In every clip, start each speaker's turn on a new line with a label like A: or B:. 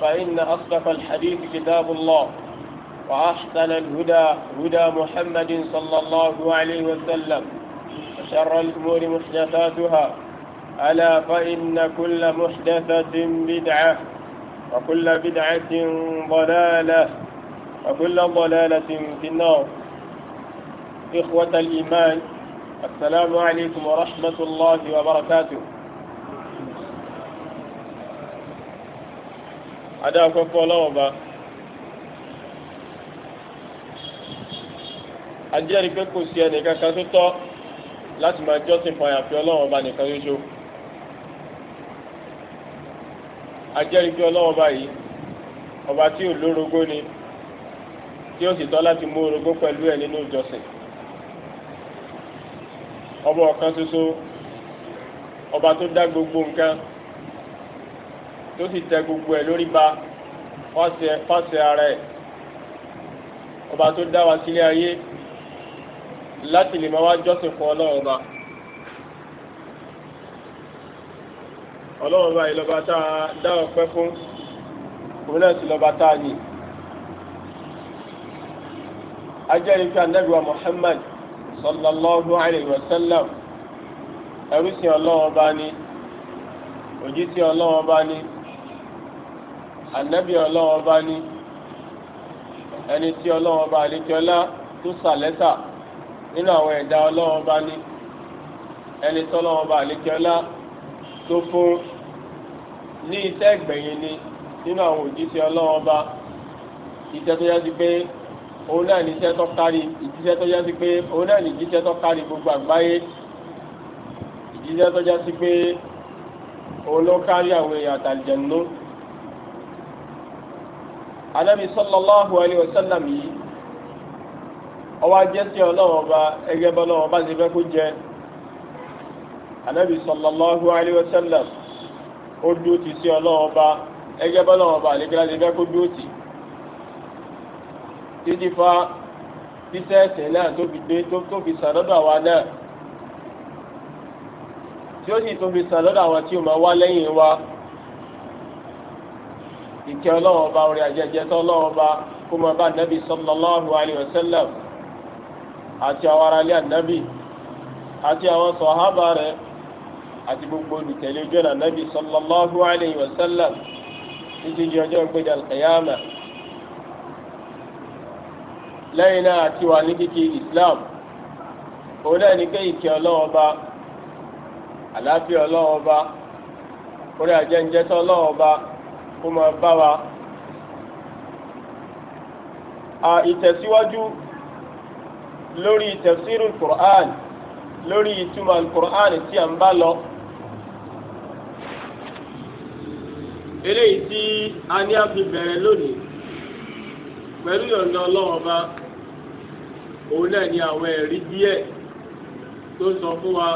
A: فإن أصدق الحديث كتاب الله وأحسن الهدى هدى محمد صلى الله عليه وسلم وشر الأمور محدثاتها ألا فإن كل محدثة بدعة وكل بدعة ضلالة وكل ضلالة في النار إخوة الإيمان السلام عليكم ورحمة الله وبركاته adáàpẹ́fọ́ ọlọ́wọ́ba ajẹ́rìí pé kò sí ẹnì kankan tó tọ́ láti máa jọ́sìn fi àyàfi ọlọ́wọ́ba nìkan ṣoṣo ajẹ́rìí pé ọlọ́wọ́ba yìí ọba tí ò lórogó ni tí ó sì tọ́ láti mú orogó pẹ̀lú ẹ̀ nínú ìjọsìn ọba ọ̀kan ṣoṣo ọba tó dá gbogbo nǹkan. tó sì tẹ gbogbo ẹ̀ lórí ba fọ́sẹ̀ ara ẹ̀ ọba tó dá wa sílé ayé láti lè máa wá jọ́sìn fún ọlọ́run ọba ọlọ́run ọba ìlọba tá a dá ọpẹ́ fún òun náà sì lọ́ba tá a yìí ajẹ́rìí fi anábìwá Muhammad sallallahu alayhi wa sallam ẹrú sí ọlọ́run ọba ni òjíṣẹ́ ọlọ́run ọba ni ànábì ọlọ́wọ́n bá ní ẹni tí ọlọ́wọ́n bá àlékiọlá tó sàlẹ́sà nínú àwọn ẹ̀dá ọlọ́wọ́n bá ní ẹni tí ọlọ́wọ́n bá àlékiọlá tó fún ní iṣẹ́ ìgbẹ̀yìn ni nínú àwọn òjíṣẹ́ ọlọ́wọ́n bá iṣẹ́ tó yá sí pé òun náà ní iṣẹ́ tó kárí ìjíṣẹ́ tó yá pé òun náà ní ìjíṣẹ́ tó kárí gbogbo àgbáyé ìjíṣẹ́ tó yá pé òun ló kárí àwọn èèyàn àtàlìjẹ̀nù alẹ́mi sọ́lọ́láhù alẹ́ ọ̀sẹ́lẹ̀m yìí ọwá jẹ́ sí ọlọ́wọ́ bá ẹgẹ́ bọ́ lọ́wọ́ bá ti fẹ́ kó jẹ́ alẹ́mi sọ́lọ́láhù alẹ́ ọ̀sẹ́lẹ̀m ó dúró ti sí ọlọ́wọ́ bá ẹgẹ́ bọ́ lọ́wọ́ bá àlẹ́gbẹ́ láti fẹ́ kó dúró ti títí fa títẹ́ náà tó fi dé tó fi sàn lọ́dọ̀ àwa náà tí ó sì tó fi sàn lọ́dọ̀ àwọn tí ó máa wá lẹ́yìn wa ìkẹ́ ọlọ́wọ́ ọba orí ajẹjẹ tó ọlọ́wọ́ ọba kó máa bá nàbì sallallahu alayhi wa sallam àti àwọn ará ilé ànábì àti àwọn sọ̀hábà rẹ̀ àti gbogbo olùtẹ̀lé ojú ọ̀nà nàbì sallallahu alayhi wa sallam títí di ọjọ́ ìgbéjà al-qiyama lẹ́yìn náà àti wà ní kíkí islam òun náà ní pé ìkẹ́ ọlọ́wọ́ àlàáfíà ọlọ́wọ́ orí ajẹjẹ tó ọlọ́wọ́ ọba kó máa bá wa a ìtẹ̀síwájú lórí tafsiru qur'an lórí ìtumọ̀ qur'an tí a ń bá lọ eléyìí tí a ní a fi bẹ̀rẹ̀ lónìí pẹ̀lú yọ̀ǹda ọlọ́run ọba òun náà ni àwọn ẹ̀rí díẹ̀ tó sọ fún wa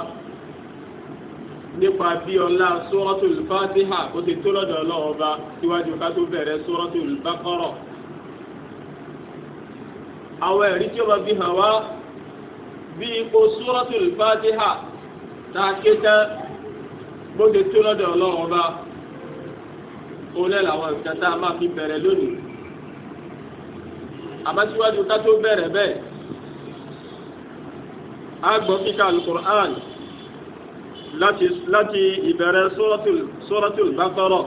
A: nípa bí ọlá suratul fatiha kó ti tó lọ́dọ̀ ọlọ́run ọba síwájú ká tó bẹ̀rẹ̀ suratul baqara. àwọn ẹ̀rí tí ó bá fi hàn wá bí ipò suratul fatiha tá a ké tán bó ti tó lọ́dọ̀ ọlọ́run ọba làwọn ìjà máa fi bẹ̀rẹ̀ lónìí. àmọ́ síwájú ká tó bẹ̀rẹ̀ bẹ́ẹ̀ á gbọ́ kíkà al láti láti ìbẹ̀rẹ̀ suratul Baqara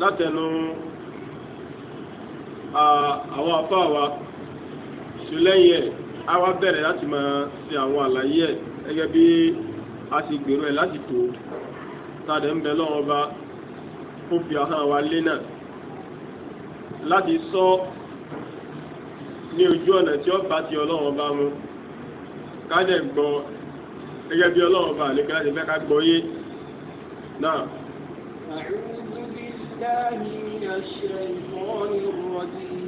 A: látẹnu àwọn afọ àwa ṣùlẹ́yìn ẹ̀ a wá bẹ̀rẹ̀ láti máa ṣe àwọn àlàyé ẹ̀ gẹ́gẹ́ bí a ti gbèrò ẹ̀ láti tó tàdé ń bẹ lọ́wọ́ bá fún fi wa lé náà láti sọ ní ojú ọ̀nà tí ti bá mu ká dẹ̀ gẹ́gẹ́ bí ọlọ́run bá lè kẹ́láti fẹ́ ká gbọ́ yé náà. A'udhu
B: billahi minash shaytanir rajim.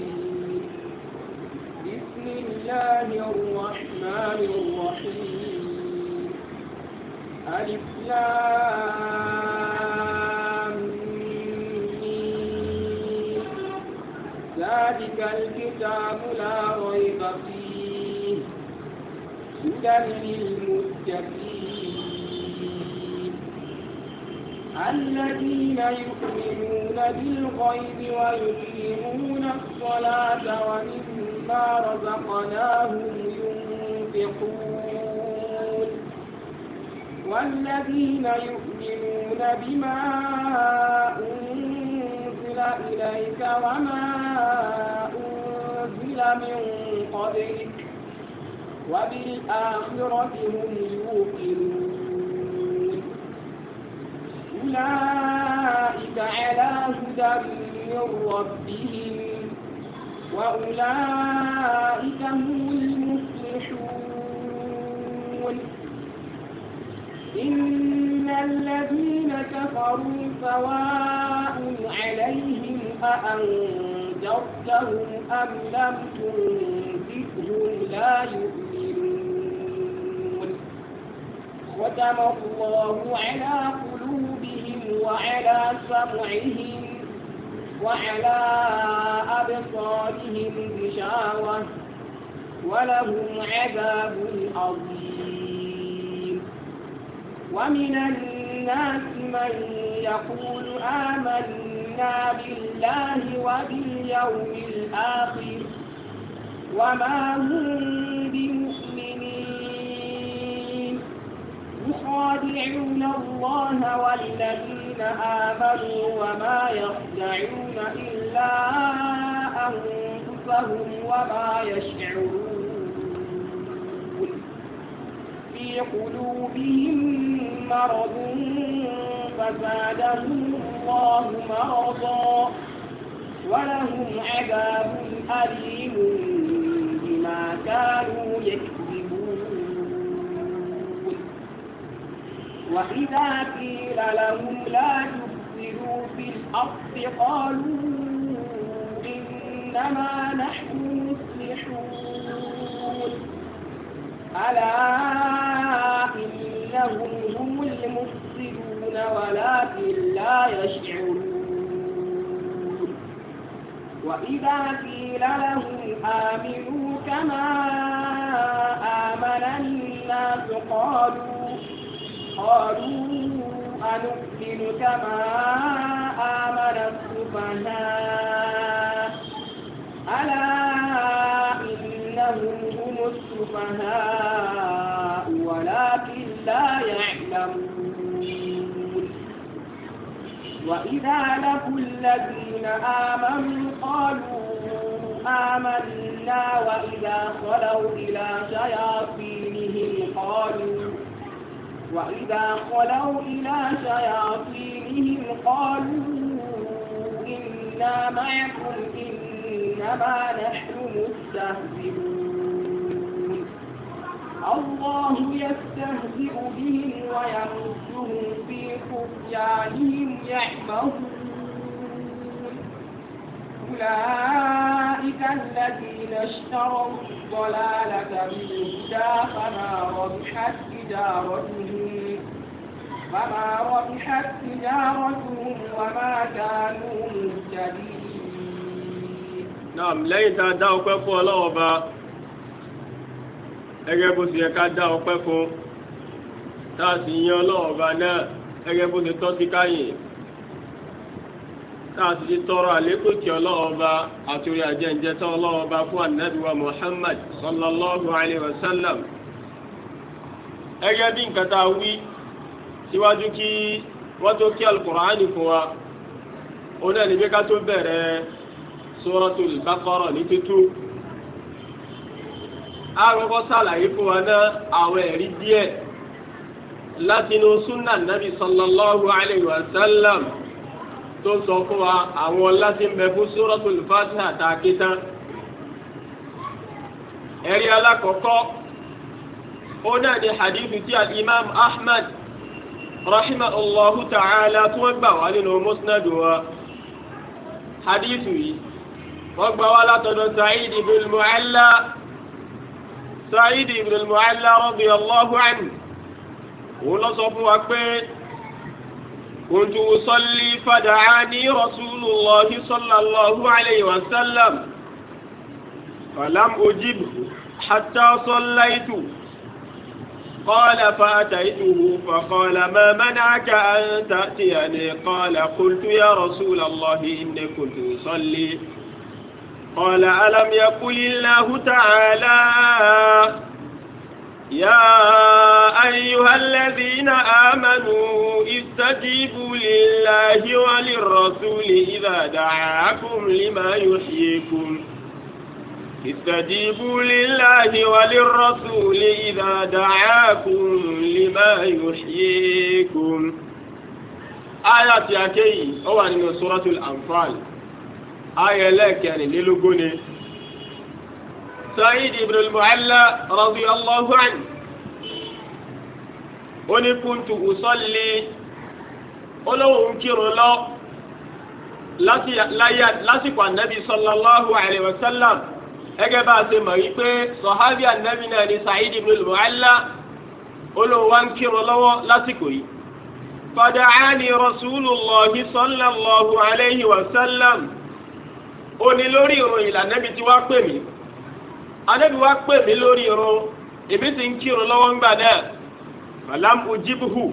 B: هدى للمتقين الذين يؤمنون بالغيب ويقيمون الصلاة ومما رزقناهم ينفقون والذين يؤمنون بما أنزل إليك وما أنزل من قبلك وبالآخرة هم يوقنون أولئك على هدى من ربهم وأولئك هم المفلحون إن الذين كفروا سواء عليهم أأنذرتهم أم لم تنذرهم لا يؤمنون ختم الله على قلوبهم وعلى سمعهم وعلى أبصارهم بشاوة ولهم عذاب عظيم ومن الناس من يقول آمنا بالله وباليوم الآخر وما هم بمؤمنين يخادعون الله والذين آمنوا وما يخدعون إلا أنفسهم وما يشعرون في قلوبهم مرض فزادهم الله مرضا ولهم عذاب أليم بما كانوا يكفرون وإذا قيل لهم لا تفسدوا في الأرض قالوا إنما نحن مصلحون ألا إنهم هم المفسدون ولكن لا يشعرون وإذا قيل لهم آمنوا كما آمن الناس قالوا قالوا أنؤمن كما آمن السفهاء ألا إنهم هم السفهاء ولكن لا يعلمون وإذا لقوا الذين آمنوا قالوا آمنا وإذا خلوا إلى شياطينهم قالوا وإذا خلوا إلى شياطينهم قالوا إنا معكم إنما نحن مستهزئون الله يستهزئ بهم ويمسهم في خفيانهم يعمهون أولئك الذين اشتروا الضلالة بالهدى فما ربحت تجارتهم فما ربحت تجارتهم وما كانوا مهتدين
A: Naam lẹ́yìn tá a dá ọpẹ́ fún Ọlọ́run Ọba gẹ́gẹ́ bó ti yẹ ká dá ọpẹ́ fún tá a sì yan Ọlọ́run Ọba náà gẹ́gẹ́ bó ti tọ́ sí káyìn táàtì ti tọrọ àlékún kí ọlọ́ọba àtúrí àjẹǹjẹ tán ọlọ́ọba fún ànábìwá Muhammad sallallahu alayhi wa sallam. ẹgẹ́ bí nǹkan tá a wí síwájú kí wọ́n tó kí alukur'ani fún wa ó náà níbi ká tó bẹ̀rẹ̀ suratul Baqara ní tútú. àkọ́kọ́ sàlàyé fún wa náà àwọn ẹ̀rí díẹ̀ látinú sunna nabi sallallahu alayhi wa sallam tó ń sọ fún wa àwọn ọlá tí ń bẹ fún suratul Fatiha tá a ké tán ẹ̀rí alákọ̀ọ́kọ́ ó náà ní hadithu tí al-imam ahmad rahimahullahu ta'ala tí wọ́n gbà wá nínú musnad wa hadithu yìí wọ́n gbà wá látọ̀dọ̀ sa'id ibn mualla sa'id ibn al-mu'alla radiyallahu anhu òun lọ sọ fún wa pé كنت أصلي فدعاني رسول الله صلى الله عليه وسلم فلم أجبه حتى صليت قال فأتيته فقال ما منعك أن تأتيني قال قلت يا رسول الله إني كنت أصلي قال ألم يقل الله تعالى يا أيها الذين آمنوا استجيبوا لله وللرسول إذا دعاكم لما يحييكم استجيبوا لله وللرسول إذا دعاكم لما يحييكم آيات يا كي أو أن سورة الأنفال آية لك يعني للقني سعيد بن المعلى رضي الله عنه وني كنت أصلي ولو أنكر الله lásìkò ànábì sallallahu alayhi wa sallam ẹgẹ bá a ṣe mọ̀ wípé sọ̀hábì ànábì náà ni Sa'id ibn al-Mu'alla olówó ń kírun lọ́wọ́ lásìkò yìí. fada'ani rasulullahi sallallahu alayhi wa sallam onílórí ìròyìn lànàbì tí wàá pè mí. Ànábì wa pè mí lórí irun èmi sì ń kírun lọ́wọ́ ńgbà náà malam ujibuhu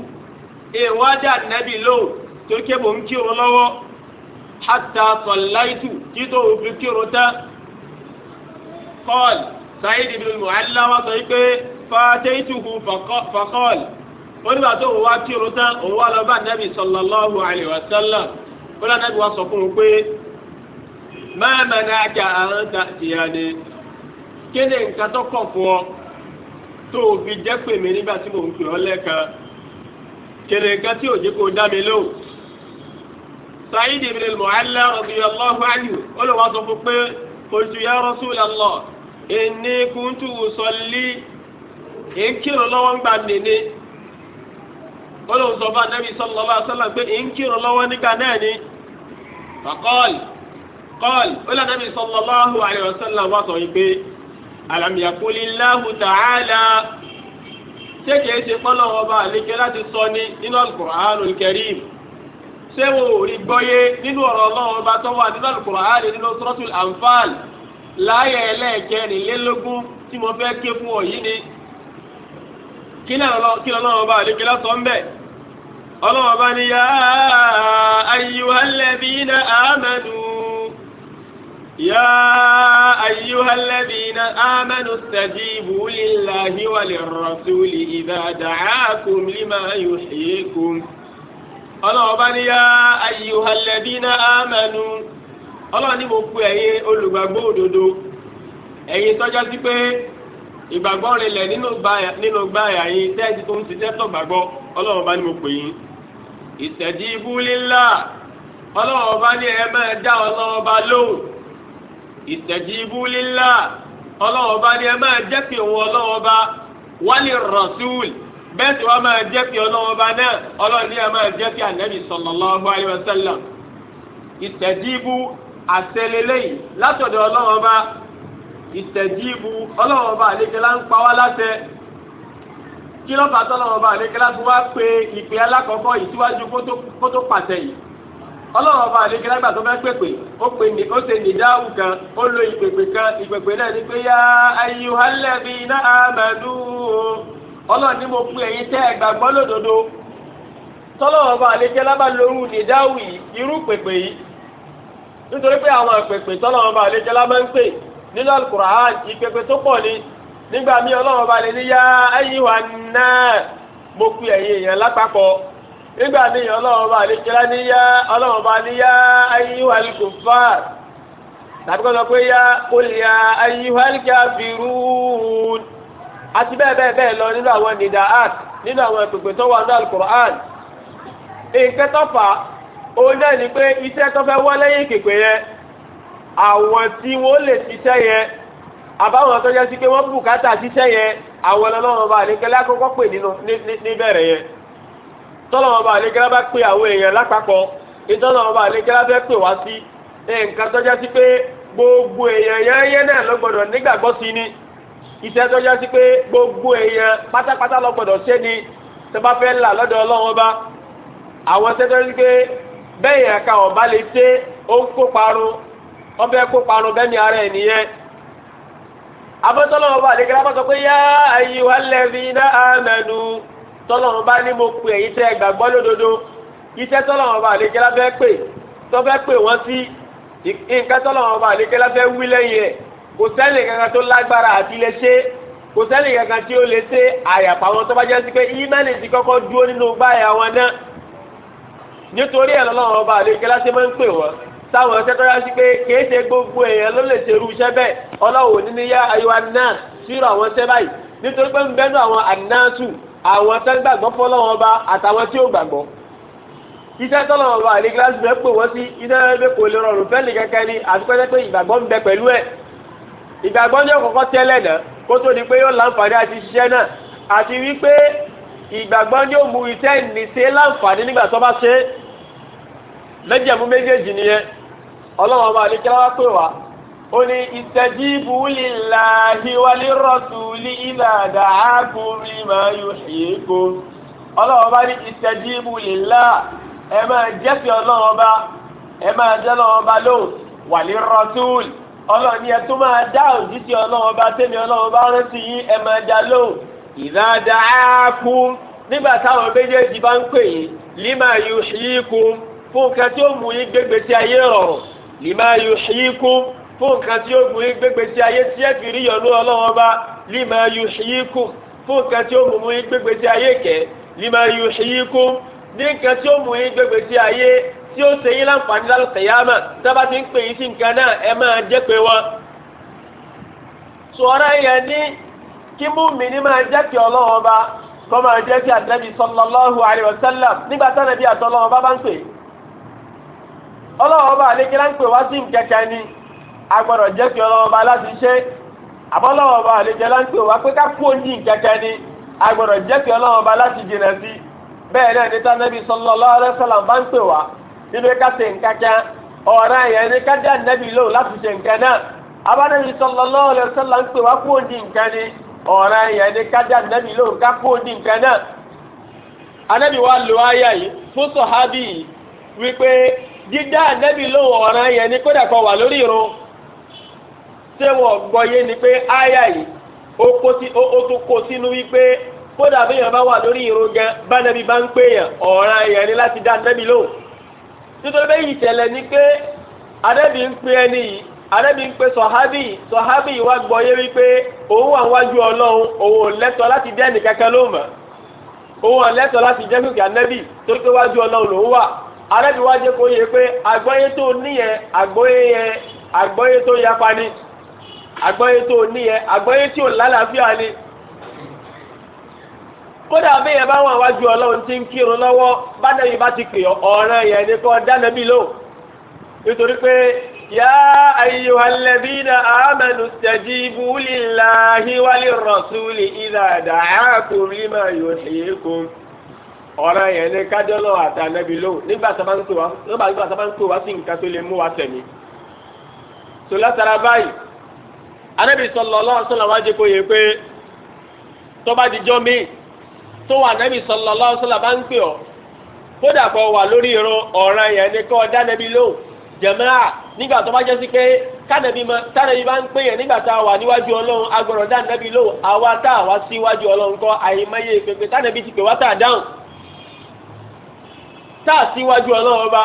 A: ìwádìí Ànábì lóò torí kébò ń kírun lọ́wọ́ hatta sọ̀láìtù kí tó fi kírun tán kọ́ọ̀lì sáyidi bin muhala wa sọ pé fàtẹ́tùhù fàkọ́ọ̀lì wọ́n nígbà tó wọ́n wá kírun tán òun wá lọ bá Ànábì alayhi wa sallam wọ́n lọ́nà Ànábì wa sọ fún un pé ma mana'aka an ta'tiyani kéde nǹkan tó kọ̀ fún ọ tó o fi jẹ́ pè mí nígbà tí mò ń pè ọ́ lẹ́ẹ̀kan kéde nǹkan tí òjì kò dá mi lò. Sa'id ibn al-Mu'alla radiyallahu anhu olùwà sọ fún pé qultu ya Rasulallah inni kuntu usalli ìkírun lọ́wọ́ ń gbà nìní olùwà sọ fún anabi sallallahu alaihi wasallam pé ìkírun lọ́wọ́ nígbà náà ni. Faqal qal olùwà anabi sallallahu alaihi wasallam wà sọ yìí pé alam yaqul Allahu ta'ala ṣé kìí ṣe pọ́lọ́wọ́ bá àlékè láti sọ ní nínú al-Qur'anul Karim ṣé wo rí gbọ́yé nínú ọ̀rọ̀ ọlọ́wọ́ bá tọ́wọ́ àti nínú al-Qur'an nínú suratul Anfal láyé ẹlẹ́ẹ̀kẹrìnlélógún mo fẹ́ ké fún ọ yìí ni kí lọ́wọ́ bá àlékè látọ̀ ń bẹ̀ ọlọ́wọ́ bá ní yá ayyuhal ladhina amanu. يا أيها الذين آمنوا استجيبوا لله وللرسول إذا دعاكم لما يحييكم ọlọ́ọ̀bá ni yá ayíwá lẹ́bí náà ámẹ́nu ọlọ́ọ̀ ní mo pe ẹ̀yin olùgbàgbọ́ òdodo ẹ̀yin tọ́jọ́ sí pé ìgbàgbọ́ rinlẹ̀ nínú gbáyà yín tẹ́ẹ̀tì tó ń ṣiṣẹ́ tó gbàgbọ́ ọlọ́ọ̀bá ni mo pè yín ibú lílà ọba ni ẹ máa dá ọba lóhùn ìtẹ̀jìbú lílá ọlọ́wọ́ bá ní ẹ máa jẹ́ pé òun ọlọ́wọ́ bá wálé rasul bẹ́ẹ̀ tí wọ́n máa jẹ́ pé ọlọ́wọ́ bá náà ọlọ́wọ́ ní ẹ máa jẹ́ pé ànábì sallallahu alaihi wasallam ìtẹ̀jìbú àtẹlẹlẹ́yìn látọ̀dọ̀ ọlọ́wọ́ bá ìtẹ̀jìbú ọlọ́wọ́ bá àlejò láńpa wá látẹ kí lọ́pàá tọ́lọ́wọ́ bá àlejò láti wá pé ìpè alákọ̀ọ́kọ́ ìtíwájú ọlọ́run ọba àlejò lágbà tó fẹ́ pèpè ó pè ní ó ṣe nìdáhù ó lo ìpèpè kan ìpèpè náà ní pé yá ayyuhallabi náà amadu ọlọ́run ní mo pe ẹ̀yin tẹ́ ẹ gbàgbọ́ tọ́lọ́run ọba àlejò lágbà lóru nìdáhù yìí irú pèpè yìí nítorí pé àwọn ìpèpè tọ́lọ́run ọba àlejò lágbà ń pè nínú alukur'an ìpèpè tó pọ̀ ni nígbà ọlọ́run ọba àlejò yá nígbà míì ọlọ́run bá lè jẹ́lá ní yá ọlọ́run bá ní yá ayíwá kò fà tàbí kọ́ pé yá olùyà ayíwá àti bẹ́ẹ̀ lọ nínú àwọn nìdá art nínú àwọn ìpèpè tó wà ní alukur'an nǹkan òun náà ni pé iṣẹ́ tó fẹ́ wọ́ lẹ́yìn ìpèpè yẹn àwọn tí wọ́n lè ṣiṣẹ́ yẹn àbáwọn tó yẹ sí pé wọ́n bùkátà tọ́lọ́mọba àlékẹ́lá bá pé àwọn èèyàn lápapọ̀ ìtọ́lọ́mọba àlékẹ́lá fẹ́ pè wá sí nǹkan tọ́já sí pé gbogbo èèyàn yẹ́nyẹ́ náà ló gbọ́dọ̀ nígbàgbọ́ sí ni iṣẹ́ tọ́já sí pé gbogbo èèyàn pátápátá ló gbọ́dọ̀ ni tó bá fẹ́ là lọ́dọ̀ ọlọ́wọ́n bá àwọn iṣẹ́ sí pé bẹ́ẹ̀ yẹn ká ọ̀bá lè ṣe tọ́lọ́run bá ní mo pe ẹ̀yin tẹ́ gbàgbọ́ lódodo iṣẹ́ tọ́lọ́run bá àlékẹ́ lábẹ́ pè tọ́fẹ́ pè wọ́n sí nǹkan tọ́lọ́run bá àlékẹ́ lábẹ́ wí lẹ́yìn ẹ̀ kò sẹ́ni kankan tó lágbára àti lè ṣe kò sẹ́ni kankan tí ó lè ṣe àyàpá wọn tó bá jẹ́ sí pé ímẹ́lì ti kọ́kọ́ dúró nínú báyà wọn náà nítorí ẹ̀ lọ́lọ́run bá àlékẹ́ láṣẹ máa ń pè wọ́n táwọn ọ̀sẹ̀ tó yá sí pé kìí ṣe gbogbo èèyàn ló lè ṣerú iṣẹ́ bẹ́ẹ̀ ọlọ́wọ́ níníyá ayọ̀ anáà sírò àwọn iṣẹ́ báyìí nítorí pé ń bẹ́nu àwọn anáà sùn àwọn tó gbàgbọ́ fọlọ́wọ́n bá àtàwọn tí ò gbàgbọ́ iṣẹ́ tọ́lọ́wọ́n bá ní gíláàsì rẹ̀ pè wọ́n sí iná ẹgbẹ́ kò lè rọrùn fẹ́ẹ̀lì kankan ni àtúkọ́jẹ́ pé ìgbàgbọ́ ń bẹ pẹ̀lú ẹ̀ ìgbàgbọ́ ní ọ̀kọ̀ọ̀kọ́ tẹ́lẹ̀ náà kó tó di pé yóò láǹfààní àti ṣiṣẹ́ náà àti wípé ìgbàgbọ́ ní ó mú iṣẹ́ níṣe láǹfààní nígbà tó bá ṣe méjèèmú méjèèjì nìyẹn ọlọ́wọ́n bá ní kíláwá pè wá oni ìtẹ̀jíbu lillahi wali rasuli idha da'akum lima yuhyikum ọlọ́wọ́ bá ní ìtẹ̀jíbu lillah ẹ máa jẹ́sí ọlọ́wọ́ bá ẹ máa jẹ́ ọlọ́wọ́ bá lò wali rasuli ọlọ́ọ̀ni ẹ tún máa dá òjíṣẹ́ ọlọ́wọ́ bá tẹ́mi ọlọ́wọ́ bá rántí yín ẹ máa dá lò idha da'akum nígbà táwọn méjèèjì bá ń pè yín lima yuhyikum fún kẹtí ó mú yín gbégbèsè ayé rọrùn fún nǹkan tí ó mú yín gbégbé tí ayé tí ẹ fi rí yọ̀lú ọlọ́run ọba lima yuhyikum fún nǹkan tí ó mú yín gbégbé tí ayé kẹ lima yuhyikum ní nǹkan tí ó mú yín gbégbé tí ayé tí ó ṣe yín láǹfààní lálùkẹ̀yàmà dábàá ti ń pè yín sí nǹkan náà ẹ máa jẹ́ pé wọn. sọ̀rọ̀ yẹn ní kí múmi ní máa jẹ́ kí ọlọ́run ọba kọ́ máa jẹ́ kí ànábì sallallahu alaihi wasallam nígbà tánàbí àtọ́lọ́run ọba bá agbọ́dọ̀ jẹ́ kí ọlọ́wọ́ bá láti ṣe àbọ́lọ́wọ́ bá àlejò láńpẹ́ òwá pé ká kú òní kẹ̀kẹ́ ni agbọ́dọ̀ jẹ́ kí ọlọ́wọ́ bá láti jìnà sí bẹ́ẹ̀ náà ní tánẹ́bí sallallahu alaihi wasallam bá ń pè wá nínú ká ṣe nǹkan kan ọ̀rọ̀ yẹn ní ká dá nẹ́bí lò láti ṣe nǹkan náà abánẹ́bí sallallahu alaihi wasallam ń pè wá kú òní nǹkan ni ọ̀rọ̀ yẹn ní ká dá nẹ́bí lò ká kú òní nǹkan náà anẹ́bí wa lo ayé yìí fún sọ̀hábì yìí ṣé wọ́n ni pé àyà yìí ó kó sí ó tún kó sínú wípé kódà bí èèyàn bá wà lórí ìró gan bá nẹ́bí bá ń pè ọ̀ràn ni láti dá nẹ́bí lóhùn nítorí ni pé adẹ́bí ń pè ẹni yìí adẹ́bí ń pè sọ̀hábì sọ̀hábì wá gbọ́ wípé òun wà wájú ọlọ́run òun ò láti dẹ́ lóhùn mọ́ òun láti jẹ́ torí pé wájú ni àgbọ́yé tó o ní yẹ àgbọ́yé tí ò lálàáfíà ni kódà bẹ́yẹn bá wọn àwájú ọlọ́run tí ń kírun lọ́wọ́ bádẹ́yìn bá ti pè ọ̀ràn yẹn ni kò dáná bí lò nítorí pé yá ayyuhal ladhina amanu istajibu lillahi walir rasuli idha da'akum lima yuhyikum ọ̀ràn yẹn ni kájọ́lọ́ àtànẹ́bí lò nígbà sábà ń pè wá sí nǹkan tó lè mú wa tẹ̀mí. sọlá tara báyìí anabi sallallahu alaihi wasallam wá jẹ́ kó yé pé tó bá dijọ́ mi tó wà anabi sallallahu alaihi wasallam bá ń pè ọ́ kódà kó wà lórí irun ọ̀ràn yẹn ni kó dá nabi lóhùn jẹ̀mẹ́rà nígbà tó bá jẹ́ sí pé kánàbí bá ń pè yẹn nígbà tá a wà níwájú ọlọ́run agbọ̀rọ̀ dá nabi lóhùn àwa tá a wá síwájú ọlọ́run kọ́ àyèmáyé pépé tánàbí ti pè wá tá a dáhùn tá a síwájú ọlọ́run ọba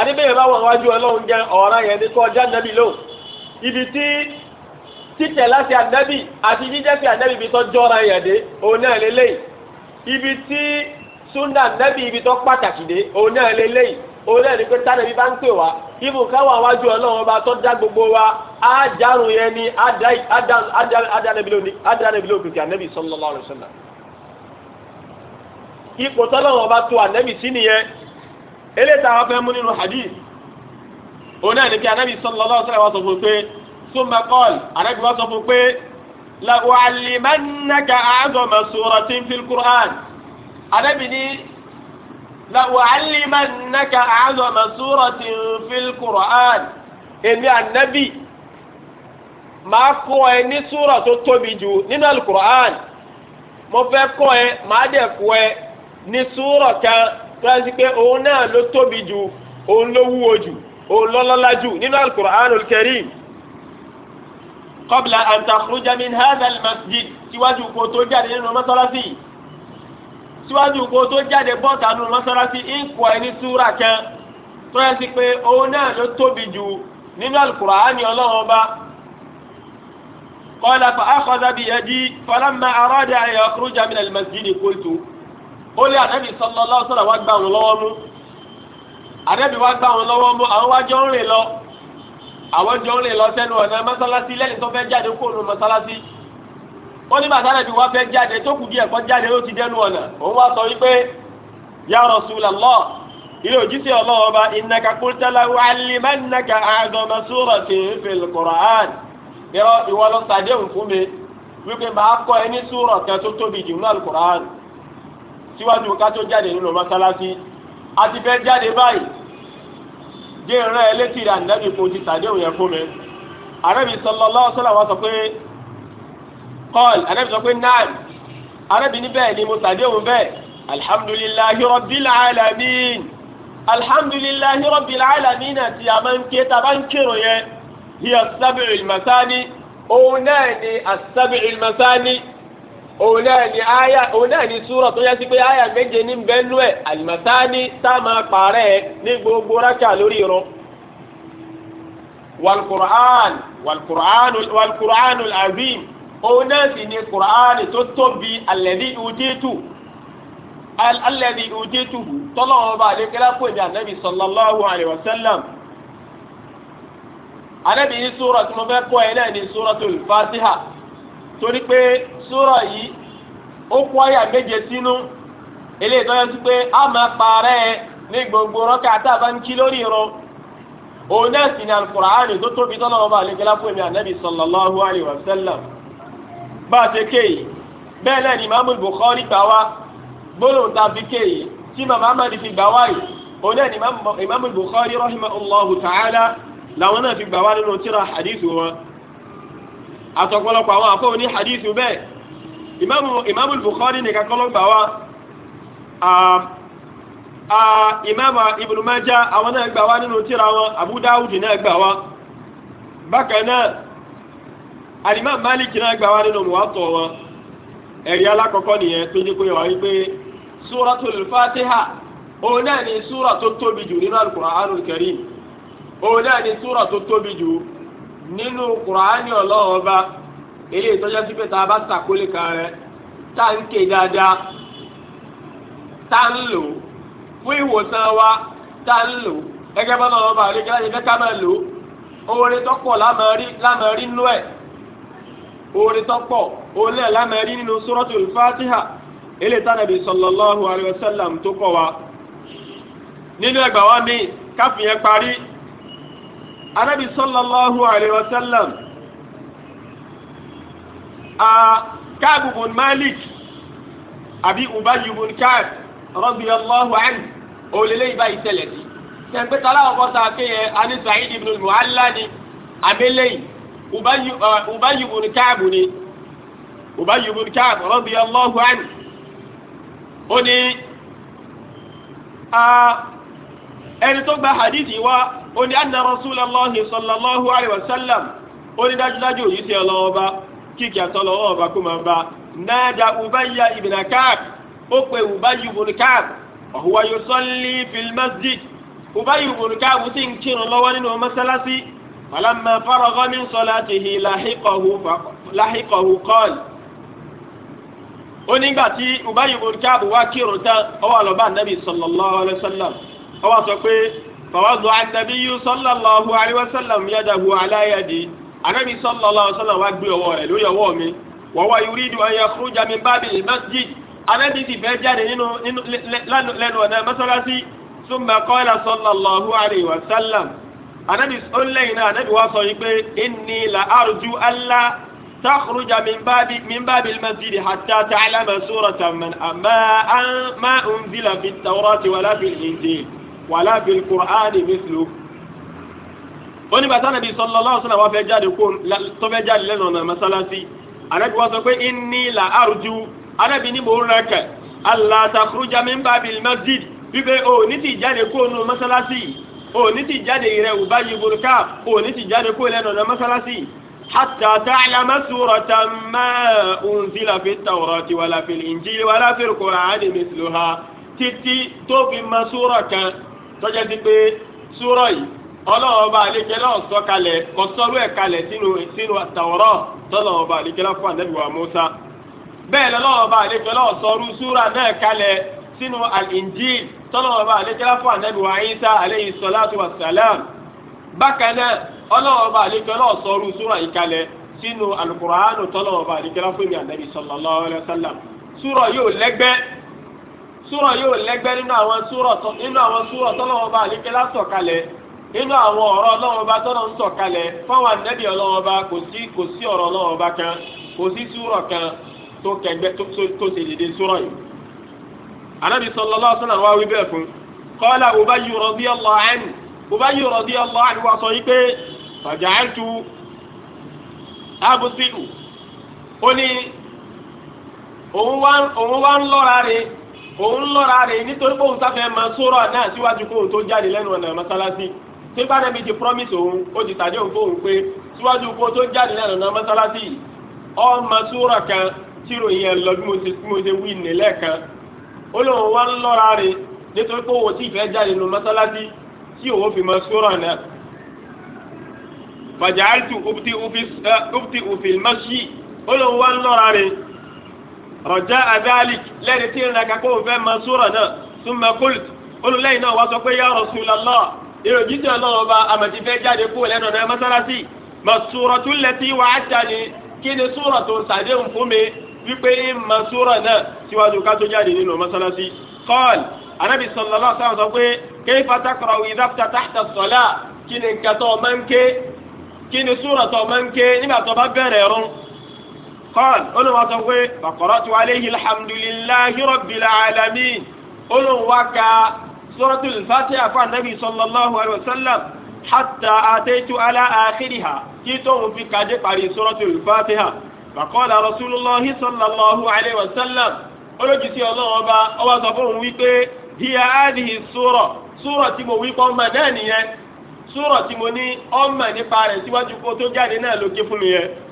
A: àdébẹ̀yẹ̀ bá wà níwájú ọlọ́run jẹ́ ọ̀ràn yẹn ni kó dá nabi lóhùn ibi tí títẹ̀ láti ànábì àti jíjẹ́ sí ànábì ibi tó jọra yẹn dé òun náà lélẹ́yìí ibi tí súnà ànábì ibi tó pàtàkì dé òun náà lélẹ́yìí òun náà ní pé tánàbí bá ń pè wá ibù káwọn àwájú ọlọ́run ọba tó dá gbogbo wa á járun yẹn ni ádánàbí lòdì sí ànábì sallallahu alaihi wasallam ipò tọ́lọ́run ọba tó ànábì sí nìyẹn eléyìí táwọn fẹ́ mú nínú hadith òun náà ní pé ànábì sallallahu alaihi wasallam wá sọ fún pé súnmọ́ kọ́ọ̀lù ànábì wá sọ fún pé làwọn àlìmánàkà àádọ́mà sọ̀rọ̀ tí ń fi kúrán ànábì ní làwọn àlìmánàkà àádọ́mà sọ̀rọ̀ tí ń fi kúrán èmi ànábì máa kọ́ ẹ ní súrà tó tóbi jù nínú alukur'an mo fẹ́ kọ́ ẹ máa dẹ̀ kọ́ ẹ ní súrà kan tó yẹ sí òun náà ló tóbi jù òun ló wúwo jù òun ló jù nínú alukur'an olùkẹ́rìm qabla an takhruja min hadha al-masjid síwájú kó tó jáde nínú mọ́sálásí síwájú kó tó jáde bọ́ọ̀tà nínú mọ́sálásí ń kọ́ ẹni súra kan tó yẹ sí pé òun náà ló tóbi jù nínú al-Qur'ani ọlọ́run ọba qala fa akhadha bi yadi falamma arada an yakhruja min al-masjid qultu ó lé ànábì sallallahu alaihi wasallam wá gbà wọn lọ́wọ́ mú àwọn wájọ́ ń rìn àwọn jọ ń lè lọ sẹ́nu ọ̀nà mọ́sálásí lẹ́yìn tó fẹ́ jáde kó nu mọ́sálásí wọ́n ní bàtà nàbí wọ́n fẹ́ jáde tó kù díẹ̀ kọ́ jáde ó ti dẹnu ọ̀nà òun wá sọ wípé ya Rasulullah ilé òjíṣẹ́ ọlọ́wọ́ bá innaka qulta la u'allimannaka a'zama suratin fil Qur'an yọ ìwọ lọ sàdéhùn fún mi wípé màá kọ́ ẹ ní súrọ̀ kan tó tóbi jù nínú al síwájú ká tó jáde nínú mọ́sálásí àti fẹ́ jáde báyìí jẹ́ ìran ẹlẹ́tì rẹ̀ ànábì fún ti sàdéhùn yẹn fún mi arábì sallallahu alaihi wasallam sọ pé kọ́ọ̀lì arábì sọ pé náàm arábì ní bẹ́ẹ̀ ni mo sàdéhùn bẹ́ẹ̀ alhamdulillahi rabbil alamin alhamdulillahi rabbil alamin àti àmàǹkè tàbáǹkèrò yẹn hiya as-sab'ul òun náà ni as-sab'ul òun náà ni aya òun náà ni súrọ̀ tó yẹ sí pé aya méje ní bẹ́ẹ̀lú ẹ̀ àlìmọ̀tání tá a máa pààrẹ̀ ní gbogbo rákà lórí irun. wàlùkùrán wàlùkùrán wàlùkùrán azim òun náà sì ni kùrán tó tóbi alẹ́dí ujétu alẹ́dí ujétu tọ́lọ́wọ́n bá àdékẹ́lá pè ní anabi sallallahu alayhi wa sallam. anabi ní súrọ̀ tí mo fẹ́ kọ́ ẹ náà ni súrọ̀ tó lè torí pé súrọ̀ yìí ó kó àyà méje sínú eléyìí tó yẹ sí pé a máa parẹ́ ní gbogbo rọ́kà tá a bá ń kí lórí irun òun náà sì ní alukur'ani tó tóbi tọ́lọ́ ọba àlejòlá fún mi ànábì sallallahu alayhi wa sallam bá a ṣe kéyìí bẹ́ẹ̀ náà ni imaamu bukhari gbà wá gbólóhùn tá a fi kéyìí tí màmá amadi fi gbà wá yìí òun náà ni imaamu bukhari rahimahullahu ta'ala làwọn náà fi gbà wá nínú tíra hadith wọn àtọ̀pọ̀lọpọ̀ àwọn àfọwọ́ ní hadithu bẹ́ẹ̀ ìmáàmù ìmáàmù Bukhari nìkan kọ́ ló gbà wá ìmáàmù Ibn Majah àwọn náà gbà wá nínú tíra wọn Abu Dawud náà gbà wá bákan náà alimam Malik náà gbà wá nínú Muwatta wọn ẹ̀rí alákọ̀ọ́kọ́ nìyẹn tó jẹ́ pé wà wípé Suratul Fatiha òun náà ni súra tóbi jù nínú Al-Qur'anul Karim òun náà ni súra tóbi jù nínú kùránì ọlọ́run ọba eléyìí sí pé tá bá sàkólé kan rẹ tá wa tá nlo ń lò gẹ́gẹ́ bá ọba rẹ kí láti ká máa lò oore tọ́pọ̀ lámàá rí nú ẹ̀ oore tọ́pọ̀ olè lámàá rí nínú sallallahu tó wa nínú ẹgbàá wa mi káfíń anábì sallallahu alayhi wa sallam káàbù bùn malik àbí ubayi bùn káàb radiyallahu anhu òlélẹ́ ìbá ìtẹ̀lẹ̀ sí tẹ̀gbẹ́ta aláwọ̀ kọ́ta akéyẹ ani sa'id ibn al-mu'alla ni abẹ́lẹ́yìn ubayi bùn káàb ni ubayi bùn káàb radiyallahu anhu ó ní ẹni tó gba hadith yìí ó ní anna rasulallahi sallallahu alayhi wa sallam ó ní dájúdájú òyìn sí ọlọ́wọ́ bá kíkì àtọ́lọ́wọ́ ọba kó máa bá náàdà ubayya ibn káàb ó pe ubayyu ibn káàb ọ̀húwa yusalli fil masjid ubayyu ibn káàb sì ń kírun lọ́wọ́ nínú mọ́sálásí falamma faragha min salatihi lahiqahu qala ó nígbà tí Ubayy ibn Ka'b wá kírun tán ó wá lọ bá Nabi sallallahu sọ pé فوضع النبي صلى الله عليه وسلم يده على يدي النبي صلى الله عليه وسلم واgbé ọwọ́ rẹ̀ lórí وهو يريد أن يخرج من باب المسجد النبي sì fẹ́ jáde nínú lẹ́nu ọ̀nà mọ́sálásí ثم قال صلى الله عليه وسلم النبي ọlẹ́yìn náà النبي wá sọ yìí pé إني لأرجو ألا تخرج من باب من باب المسجد حتى تعلم سورة من ما أنزل في التوراة ولا في الإنجيل wàlá bil Qur'ani mislu ó ní bàtà nàbí sallallahu alaihi wasallam fẹ́ jáde kó tó fẹ́ jáde lẹ́nu ọ̀nà mọ́sálásí anábì wọ́n sọ pé inni la arju anábì ní mò ń rẹ̀ kẹ̀ allah takhruja min babil masjid wípé o ní ti jáde kó nu حتى تعلم سورة ما أنزل في التوراة ولا في الإنجيل ولا في القرآن مثلها تتي توفي ما سورة tọ́jẹ́ sí pé súrọ̀ yìí ọlọ́run ọba àlejò náà sọ kalẹ̀ kọ sọ́rú ẹ̀ kalẹ̀ sínú sínú àtàwọ̀rọ̀ tọ́lọ́run ọba àlejò náà fún ànábì wa Musa bẹ́ẹ̀ lọ́lọ́run ọba àlejò náà sọrú súrà náà kalẹ̀ sínú al-Injil tọ́lọ́run ọba náà fún ànábì wa Isa aleyhi salatu wa salam bákan náà ọlọ́run ọba àlejò náà sọrú súrà yìí kalẹ̀ sínú al-Qur'an tọ́lọ́run ọba náà fún mi sallallahu alayhi wa sallam súrà yóò lẹ́gbẹ́ súrọ̀ yóò lẹ́gbẹ́ nínú àwọn súrọ̀ nínú àwọn súrọ̀ tọ́lọ́wọ́ bá àlékè lásọ̀kalẹ̀ nínú àwọn ọ̀rọ̀ ọlọ́wọ́ bá tọ́lọ́ ń sọ̀kalẹ̀ fáwọn ànábì ọlọ́wọ́ bá kò sí kò sí ọ̀rọ̀ ọlọ́wọ́ bá kan kò sí súrọ̀ kan tó kẹgbẹ́ tó ṣe dédé súrọ̀ yìí. ànábì sallallahu alaihi wasallam wá wí bẹ́ẹ̀ fún qala Ubayy radiyallahu anhu Ubayy radiyallahu anhu wá sọ yí pé faja'altu absiru ó òun wá ń lọ́ra rẹ̀ òun lọ́ra rẹ̀ nítorí pé òun sáfẹ́ máa sọ̀rọ̀ náà síwájú kó òun tó jáde lẹ́nu ọ̀nà mọ́sálásí tí gbàdé mi ti promise òun ó ti tàdé òun fóun pé síwájú kó tó jáde lẹ́nu ọ̀nà mọ́sálásí ọmọ sọ̀rọ̀ kan tírò yẹn lọ bí mo ṣe wí nílẹ̀ kan ó lóun wá ń lọ́ra rẹ̀ nítorí pé òun ti fẹ́ jáde lẹ́nu mọ́sálásí tí òun fi máa sọ̀rọ̀ náà fàjà àìtù òfin òfin eh, mọ́ṣí ó lóun wá lọ́ra rẹ̀ rọjá adalik lẹ́ni tí ìrìnà kakó fẹ́ ma súrà náà súnmọ́ kult olùlẹ́yìn náà wá sọ pé yá Rasulullah ìròjì tí ọlọ́run ọba àmàtí fẹ́ jáde kú lẹ́nu ọ̀nà mọ́sálásì mà súrà tún lẹ́tí wàá jáde kí ni súrà tó sàdéhùn fún mi wípé ma súrà náà síwájú ká tó jáde nínú mọ́sálásì kọ́ọ̀lì anabi sallallahu alaihi wasallam sọ pé kéfà takọrọ ìdáfta tahta sọlá kí ni nkatọ́ máa ń kí ni súrà tó máa ń nígbà tó bá bẹ̀rẹ̀ rún kọ́ọ̀l olùwà sọ pé faqara'tu alayhi alhamdulillahi rabbil alamin olùwà ka suratul fatiha fún anabi sallallahu alayhi wa sallam hatta ataitu ala akhiriha kí tóun fi kàdé parí suratul fatiha faqala rasulullahi sallallahu alayhi wa sallam olójútì ọlọ́wọ́ bá ọwọ́ sọ fún òun wípé hiya hadhihi sura sura tí mo wí pọ́ ọmọ náà nìyẹn sura tí mo ní ọmọ nípa rẹ̀ síwájú kó tó jáde náà ló ké fún mi yẹn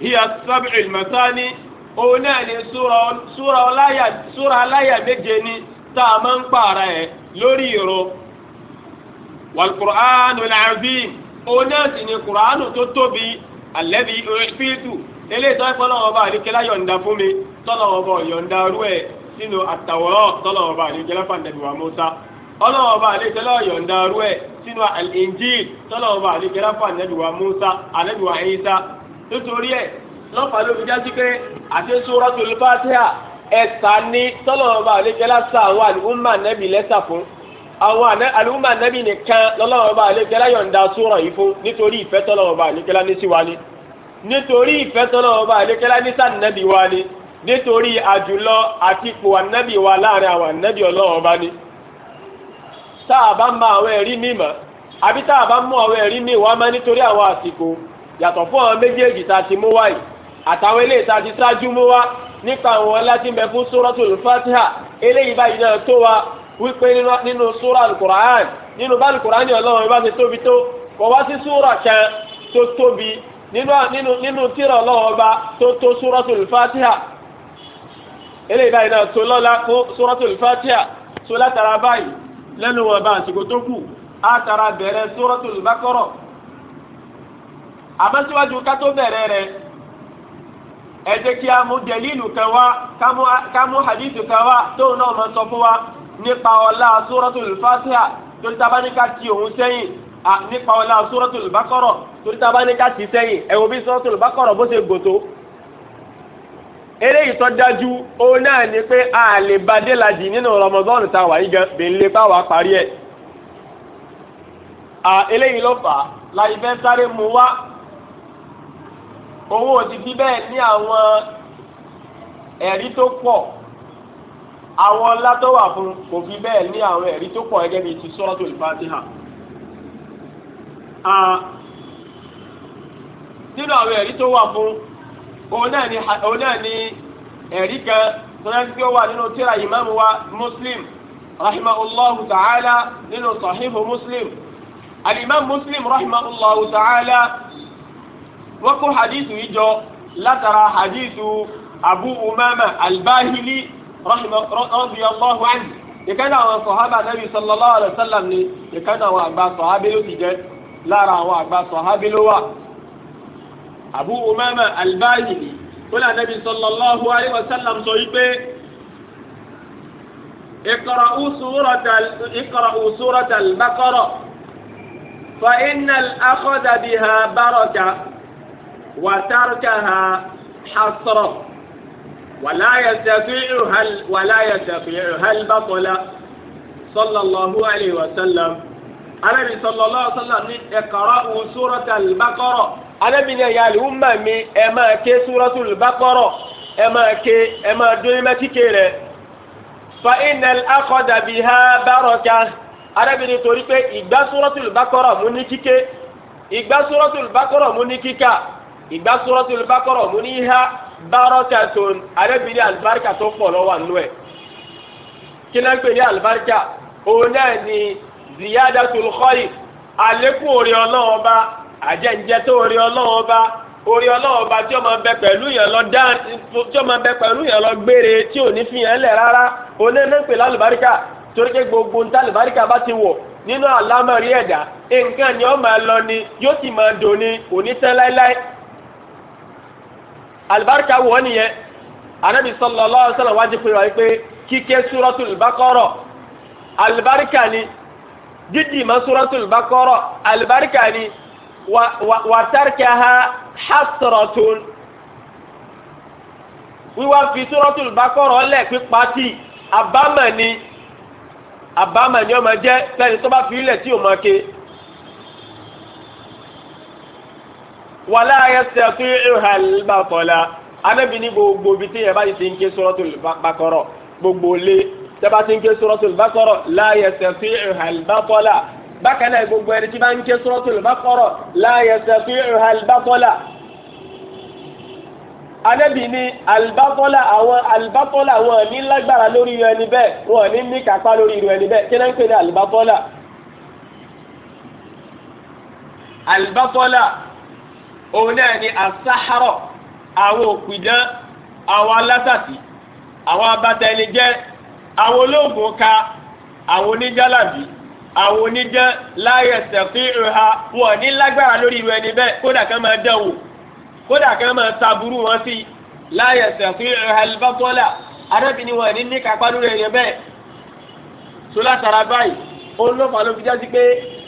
A: hiya sábìrì mẹ́sánì òun náà ni súra aláyà méje ni tá a máa ń pààrà ẹ̀ lórí ìró wàlùkùránù làbíìm òun náà sì ni kùránù tó tóbi alẹ́bí fíìtù eléyìí tó ń pọ́n lọ́wọ́ bá àdékẹ́lá yọ̀ǹda fún mi tọ́lọ́wọ́ bá yọ̀ǹda rú ẹ̀ sínú àtàwọ̀rọ̀ tọ́lọ́wọ́ bá àdékẹ́lá fàǹdẹ̀bí wa Mùsá ọlọ́wọ́ bá àlékẹ́lá yọ̀ǹda rú ẹ̀ sínú àlìǹjì tọ́lọ́wọ́ bá àdékẹ́lá fàǹdẹ̀bí wa Mùsá àlẹ́bí wa Ìsá nítorí ẹ̀ lọ́pàá ló fi jásí pé àti Suratul Fatiha ẹ̀ta ní tọ́lọ́mọba àlejẹ́lá sa àwọn àlùmọ́ ànẹ́bì lẹ́sà fún àwọn àlùmọ́ ànẹ́bì nìkan lọ́lọ́mọba àlejẹ́lá yọ̀ǹda sóra yìí fún nítorí ìfẹ́ tọ́lọ́mọba àlejẹ́lá ní sí wa ni nítorí ìfẹ́ tọ́lọ́mọba àlejẹ́lá ní sànẹ́bì wa ni nítorí àjùlọ àti ipò ànẹ́bì wa láàrin àwọn ànẹ́bì ọlọ́mọba ni tá a bá mọ àwọn ẹ̀rí mímọ́ àbí tá a bá mú àwọn ẹ̀rí míì wá má nítorí àwọn àsìkò yàtọ̀ fún àwọn méjèèjì tá a ti mú wá yìí àtàwọn eléyìí tá a ti ṣáájú mú wá nípa àwọn láti ń fún suratul fatiha eléyìí báyìí náà tó wa wípé nínú sura alukur'an nínú bá alukur'an ní ọlọ́run bá ti tóbi tó kò wá sí sura kan tó tóbi nínú nínú nínú tírà ọlọ́run ọba tó tó suratul fatiha eléyìí báyìí náà tó lọ́la fún suratul fatiha tó látara báyìí lẹ́nu wọn bá àsìkò tó kù á tara bẹ̀rẹ̀ suratul baqara àmọ́ síwájú ká tó bẹ̀rẹ̀ rẹ̀ ẹ jẹ́ kí a mú dẹ̀lílù kan wá ká mú hadithu kan wá tóun náà máa sọ fún wa nípa ọlá suratul fatiha torí tá a bá ní ká ti òun sẹ́yìn nípa ọlá suratul baqara torí tá a bá ní ti sẹ́yìn ẹ bí suratul baqara bó ṣe gbòtó eléyìí tó dájú òun náà ni pé a lè ba délajì nínú Ramadan tá a gan bẹ́ẹ̀ ń lè bá wa parí ẹ̀ eléyìí ló fà á láì fẹ́ sáré mu wá owó ti fi bẹ́ẹ̀ ní àwọn ẹ̀rí tó pọ̀ àwọn ọlá tó wà fún kò fi bẹ́ẹ̀ ní àwọn ẹ̀rí tó pọ̀ gẹ́gẹ́ bí ti Suratul Fatiha nínú àwọn ẹ̀rí tó wà fún òun náà ni ẹ̀rí kan tó náà ti wà nínú tíra ìmáàmù wa Muslim rahimahullahu ta'ala nínú sahihu Muslim al Muslim rahimahullahu ta'ala wọ́n kó hadithu yìí jọ látara hadithu abu umama albahili radiyallahu anhu ìkànnì àwọn sọ̀hábà nàbì sallallahu alaihi wasallam ni ìkànnì àwọn àgbà sọ̀hábì ló ti jẹ́ lára àwọn àgbà sọ̀hábì ló wà. abu umama albahili wọ́n náà وتركها حصر ولا يستطيعها ولا يستطيعها البطل صلى الله عليه وسلم Ànábì sallallahu alaihi wasallam ní iqra'u suratul Baqara Ànábì ní ẹ̀yà àlùmọ̀ mi ẹ máa ké suratul Baqara ẹ máa ké ẹ máa dún ní mẹ́tíkè rẹ̀. fa innal akhadha biha barakah Ànábì ní torí pé ìgbà suratul Baqara mú ní kíké ìgbà suratul Baqara mú ní kíkà ìgbà Suratul Baqara mú ní ha barakatun arábìnrin alibarika tó pọ̀ lọ́wọ́ àánú ẹ̀ kí náà ń pè ní alibarika òun náà ni ziyadatul khair àlékún orí ọlọ́wọ́ bá àjẹǹjẹ tó orí ọlọ́wọ́ bá orí ọlọ́wọ́ bá tí ó máa bẹ pẹ̀lú yẹn lọ dán tí ó máa bẹ pẹ̀lú yẹn lọ gbére tí ò ní fi yẹn lẹ̀ rárá òun náà ń pè torí pé gbogbo ń tálùbáríkà bá ti wọ̀ nínú àlámọ̀rí ẹ̀dá nǹkan ni ó máa lọ ni yóò sì máa dòní òní tán láéláé alibarika wọ̀ nìyẹn anabi sallallahu alaihi wasallam wájú pé wáyé pé kíké suratul baqara alibarika ni dídì ma suratul baqara alibarika ni wà tarkaha hasratun wíwá fi suratul baqara lẹ̀ pípa tì àbámọ̀ ni àbámọ̀ ni ó máa jẹ́ lẹ́yìn tó fi ilẹ̀ tí ó máa ké. wàlá ayẹsẹ̀ tó ìhà ìbátọ̀lá anábì ní gbogbo ibi tí yẹn bá ti ń ké Suratul Baqara gbogbo lé tẹ́bá ti ń ké Suratul Baqara láyẹsẹ̀ tó ìhà ìbátọ̀lá bákan náà gbogbo ẹni tí bá ń ké Suratul Baqara láyẹsẹ̀ tó ìhà ìbátọ̀lá anábì ní albátọ́lá àwọn albátọ́lá wọn ní lágbára lórí irú ẹni bẹ́ẹ̀ wọn ní ní kápá lórí irú ẹni bẹ́ẹ̀ kí náà ń pè ní albátọ́lá albátọ́lá òun náà ni asáhárọ̀ àwọn òpìdán àwọn alásàtì àwọn abatẹnijẹ́ àwọn olóògùn ka àwọn oníjálàbí àwọn oníjẹ́ láyé sẹ̀fí ìhà wọn ní lágbára lórí irú ẹni bẹ́ẹ̀ kódà kan máa dẹ̀ wò kódà kan máa taburú wọn sí láyé sẹ̀fí ìhà ìbátọ́là arábìnrin wọn ní ní kápá lórí ẹni bẹ́ẹ̀ tó látara báyìí òun ló fi jáde pé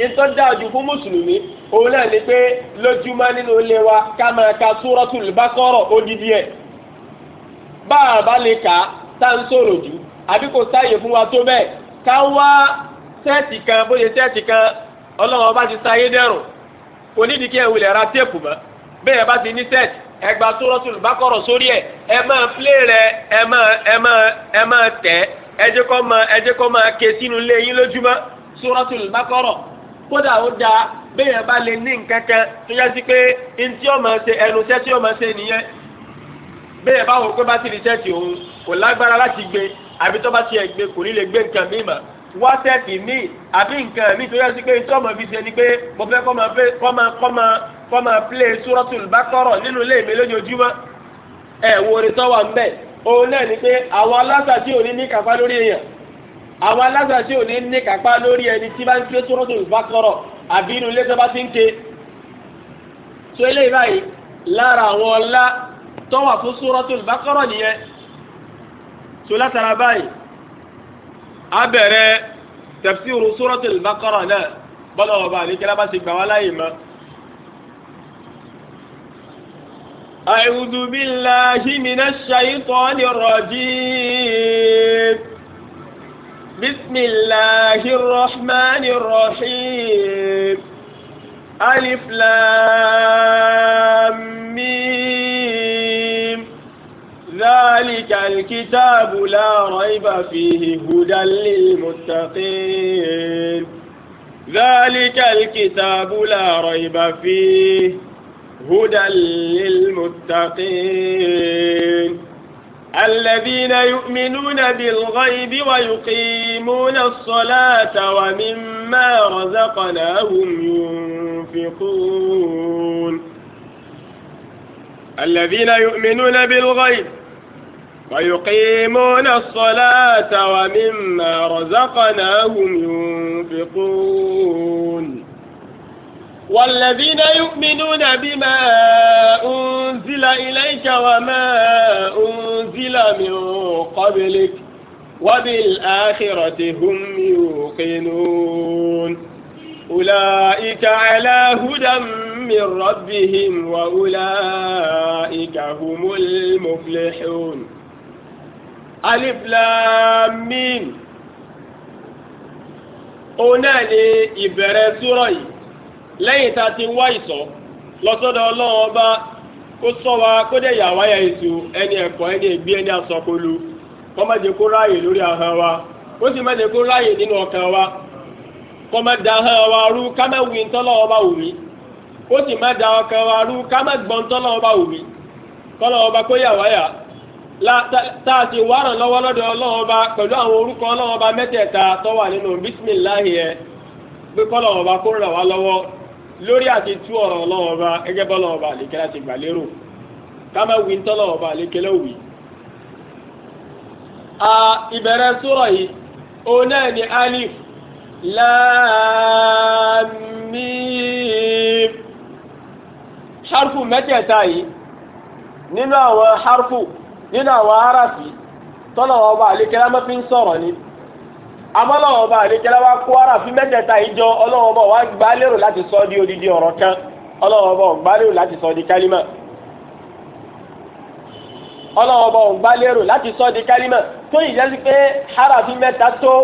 A: ìtọ́jà ojú fún mùsùlùmí òun náà ni pé lójúmọ́ nínú ilé wa ká máa ka Suratul Baqara odidi ẹ̀ bá a bá lè kà á tá à ń sọ̀rọ̀ jù àbí kò sáàyè fún wa tó bẹ́ẹ̀ ká wá sẹ́ẹ̀tì kan bóyá sẹ́ẹ̀tì kan ọlọ́run ọba ti sáyé dẹ́rùn kò nídìí kí ẹ wulẹ̀ ra téèpù mọ́ bẹ́ẹ̀ bá ti ní sẹ́ẹ̀tì ẹ gba Suratul Baqara sórí ẹ̀ ẹ máa plé rẹ ẹ máa ẹ máa ẹ máa tẹ̀ ẹ jẹ́ kó máa ẹ jẹ́ kó máa ké sínú ilé yín lójúmọ́ Suratul Baqara kódà ó dáa béèyàn bá lè ní nǹkan kan tó yẹ sí pé ntí ọmọ ṣe ẹnu iṣẹ́ tí ọmọ ṣe nìyẹn béèyàn bá wò pé bá ti di ṣẹ́ẹ̀tì òun kò lágbára láti gbé àbí tó bá ti ẹ̀ gbé kò ní lè gbé nǹkan míì mà wá ṣẹ́ẹ̀tì míì àbí nǹkan míì tó yẹ sí pé ntí ọmọ fi ṣe ni pé mo fẹ́ kọ́ máa kọ́ máa kọ́ máa kọ́ máa plé Suratul nínú ilé mi lójoojúmọ́ ni pé àwọn aláṣà àwọn alágbàṣe ò ní ní kápá lórí ẹni tí bá ń ké sọ́rọ́tò ìfakọ́rọ̀ àbí inú ilé tó bá ti ń ké so eléyìí báyìí lára àwọn ọlá tó wà fún sọ́rọ́tò ìfakọ́rọ̀ nìyẹn so látara báyìí a bẹ̀rẹ̀ tafsiru sọ́rọ́tò ìfakọ́rọ̀ náà bọ́lá ọba àlékẹ́lá bá ti gbà wá láyè mọ́. أعوذ بالله من الشيطان الرجيم بسم الله الرحمن الرحيم ألف لام ميم ذلك الكتاب لا ريب فيه هدى للمتقين ذلك الكتاب لا ريب فيه هدى للمتقين الذين يؤمنون بالغيب ويقيمون الصلاة ومما رزقناهم ينفقون الذين يؤمنون بالغيب ويقيمون الصلاة ومما رزقناهم ينفقون والذين يؤمنون بما أنزل إليك وما أنزل من قبلك وبالآخرة هم يوقنون أولئك على هدى من ربهم وأولئك هم المفلحون ألف لام ميم أنا لي إبرة lẹ́yìn tá a ti wá ìsọ lọ́sọ́dọ̀ ọlọ́run ọba kó sọ wa kó dẹ̀ yà wáyà ètò ẹni ẹ̀kọ́ ẹni ẹ̀gbí ẹni asọ̀kolu kó má jẹ́ kó ráàyè lórí ahọ́n wa ó sì má jẹ́ kó ráàyè nínú ọkàn wa má da ahọ́n wa rú ká má wí ntọ́lọ́ ọba wù mí ó sì má da ọkàn wa rú ká má gbọ́ wù mí kó yà wáyà tá ti lọ́wọ́ lọ́dọ̀ ọlọ́run ọba lórí àti tú ọ̀rọ̀ ọlọ́wọ́ bá gẹ́gẹ́ bọ́ lọ́wọ́ bá àlékẹ́ láti gbà lérò kámẹ́ wí ń tọ́ lọ́wọ́ bá àlékẹ́ lówì. ìbẹ̀rẹ̀ sùrọ̀ yìí òun náà ni alif láàmìm ṣárfù mẹ́tẹ̀ẹ̀ta yìí nínú àwọn ṣárfù nínú àwọn aráàfì tọ́lọ̀wọ́ bá àlékẹ́ lámẹ́ sọ̀rọ̀ ni. amọ́lọ́wọ́ bá àdékẹ́lá wá kó ara fi mẹ́tẹ̀ẹ̀ta ìjọ ọlọ́wọ́ bá wá gbá sọ di odidi ọ̀rọ̀ kan ọlọ́wọ́ bá gbá láti sọ di kálímà ọlọ́wọ́ ara fi mẹ́ta tó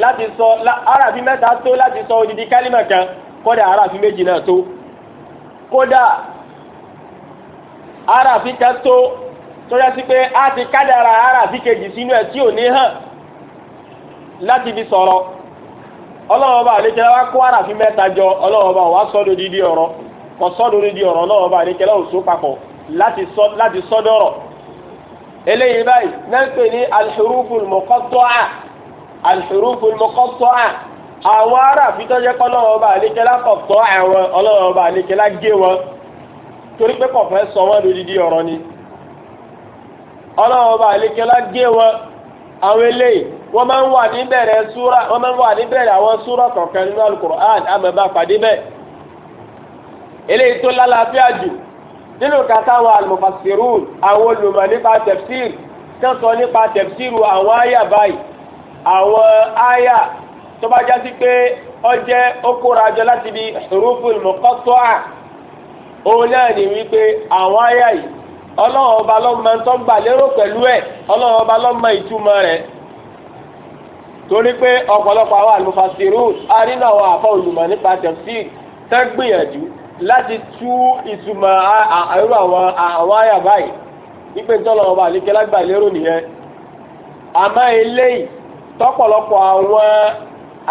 A: láti sọ ara fi mẹ́ta kan kódà ara fi méjì náà tó kódà ara fi kan tó tó yẹ sí a ti kádàrà ara fi kejì sínú ẹ̀ tí ò láti fi sọ̀rọ̀ ọlọ́wọ́ bá àlékẹ́ wá kó ara fi mẹ́ta jọ ọlọ́wọ́ bá wá sọ́dọ̀ dídí ọ̀rọ̀ kọ sọ́dọ̀ dídí ọ̀rọ̀ ọlọ́wọ́ bá àlékẹ́ lọ́wọ́ só papọ̀ láti sọ́dọ̀rọ̀ eléyìí báyìí náà ń pè ní alhuruful muqatta'a alhuruful muqatta'a àwọn ará fi tọ́jẹ́ kọ́ ọlọ́wọ́ bá àlékẹ́ lákọ̀tọ́ àwọn ọlọ́wọ́ bá àlékẹ́ lágé wọn torí pé kò fẹ́ sọ wọ́n lódìdí ọ̀rọ̀ ni ọlọ́wọ́ bá àlékẹ́ lágé wọn àwọn eléyìí wọ́n máa ń wà ní bẹ̀rẹ̀ súra wọ́n máa ń wà ní bẹ̀rẹ̀ àwọn súra kọ̀ọ̀kan nínú alukur'an àmọ́bá pàdé bẹ́ẹ̀ eléyìí tó lálàáfíà jù nínú kàtà àwọn almufasirun àwọn olùmọ̀ nípa tẹ̀fsír kan sọ nípa tẹ̀fsíru àwọn àyà báyìí bi huruful muqatta'a òun náà ní wípé àwọn àyà yìí ọlọ́run ọba ló tó gbà lérò ọba ìtumọ̀ torí pé ọ̀pọ̀lọpọ̀ àwọn àlùfàṣírù arínà àwọn àfa olùmọ̀ nípa tafsir tẹ́ gbìyànjú láti tú ìtumọ̀ àìrú àwọn àwọn àyà báyìí wípé tọ́lọ̀ ọba àlékẹ́ lágbà lérò nìyẹn àmọ́ eléyìí tọ́pọ̀lọpọ̀ àwọn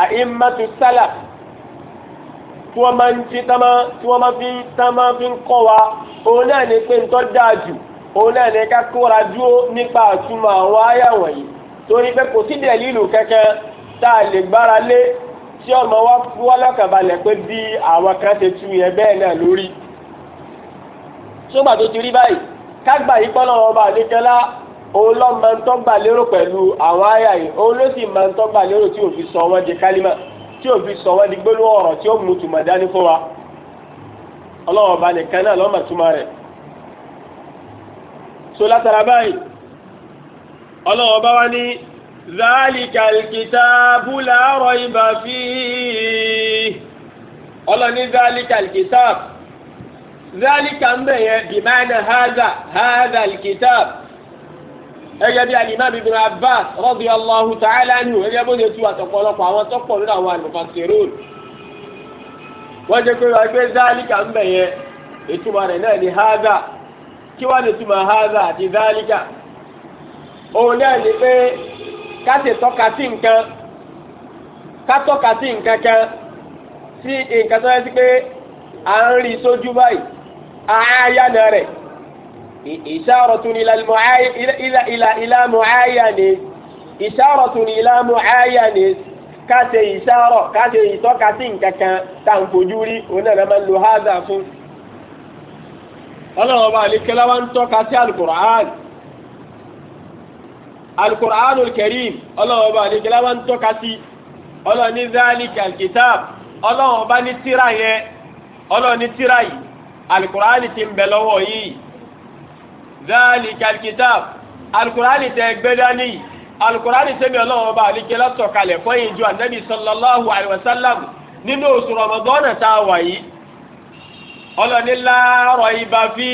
A: àìmọ́tò sálà tí wọ́n máa ń fi támá tí wọ́n máa fi támá fi ń kọ́ wa òun náà ní pé ń tọ́ dáa jù òun náà ní ká kóra dúró nípa àtúmọ̀ àwọn àyà wọ̀nyí torí pé kò sí dẹ̀lílù kẹ́kẹ́ tá a lè gbára lé tí ọmọ wa wá lọ́kànbalẹ̀ pé bí àwọn kan ṣe tu yẹn bẹ́ẹ̀ náà lórí sógbà tó ti rí báyìí kágbà yìí pọ́nà ọba àdékẹ́lá òun lọ máa ń tọ́gbà lérò pẹ̀lú àwọn àyà yìí òun ló sì máa ń tọ́gbà lérò tí òfin sọ wọ́n di kálímà tí òfin sọ wọ́n di gbólóhùn ọ̀rọ̀ tí ó mú tùmọ̀ dání fún wa ọlọ́wọ́ ọba nìkan náà lọ́mọ̀ túmọ̀ rẹ̀ so látara báyìí ọlọ́wọ́ bá wá ní zalikal kitabu la rayba fihi ọlọ́ni zalikal kitab zálíkà ń bẹ̀yẹ bìmánà haza haza alkitab ẹgbẹ́ bí alimami ibn abbas radiyallahu ta'ala anhu ẹgbẹ́ bó ṣe tu àtọ̀pọ̀lọpọ̀ àwọn tọ́pọ̀ nínú àwọn al-mufassirun wọ́n jẹ́ pé wọ́n gbé zálíkà ń bẹ̀yẹ ìtumọ̀ rẹ̀ náà ni haza kí wọ́n lè túmọ̀ haza àti zálíkà òun náà ni pé ká ṣe tọ́ka sí nǹkan ká tọ́ka sí nǹkan kan sí nǹkan tó yẹ sí pé à ń rí sójú báyìí àáyánà rẹ̀ ìṣàrọ̀tún ìlà mọ̀áyánì ìṣàrọ̀tún ìlà mọ̀áyánì ká ṣe ìṣàrọ̀ ká ṣe ìtọ́ka sí nǹkan kan tá à ń fojú rí òun náà máa ń lo fún. ọlọ́run ọba àlekẹ́lá wa ń tọ́ka sí àlùkùránì alukur'anul karim ọlọ́run ọba àlekèlá wa ń tọ́ka sí ọlọ́run ní zálìkì alkitab ọlọ́run ọba ní tíra yẹn ọlọ́run ní tíra yìí alukur'ani ti ń bẹ lọ́wọ́ yìí zálìkì alkitab alukur'ani tẹ gbé dání alukur'ani sẹ́mi ọlọ́run ọba àlekèlá tọ̀kalẹ̀ fún ìjọ anabi sallallahu alayhi wa sallam nínú oṣù rọmọdọ́nà tá a wà yìí ọlọ́run ní láàárọ̀ ibà fi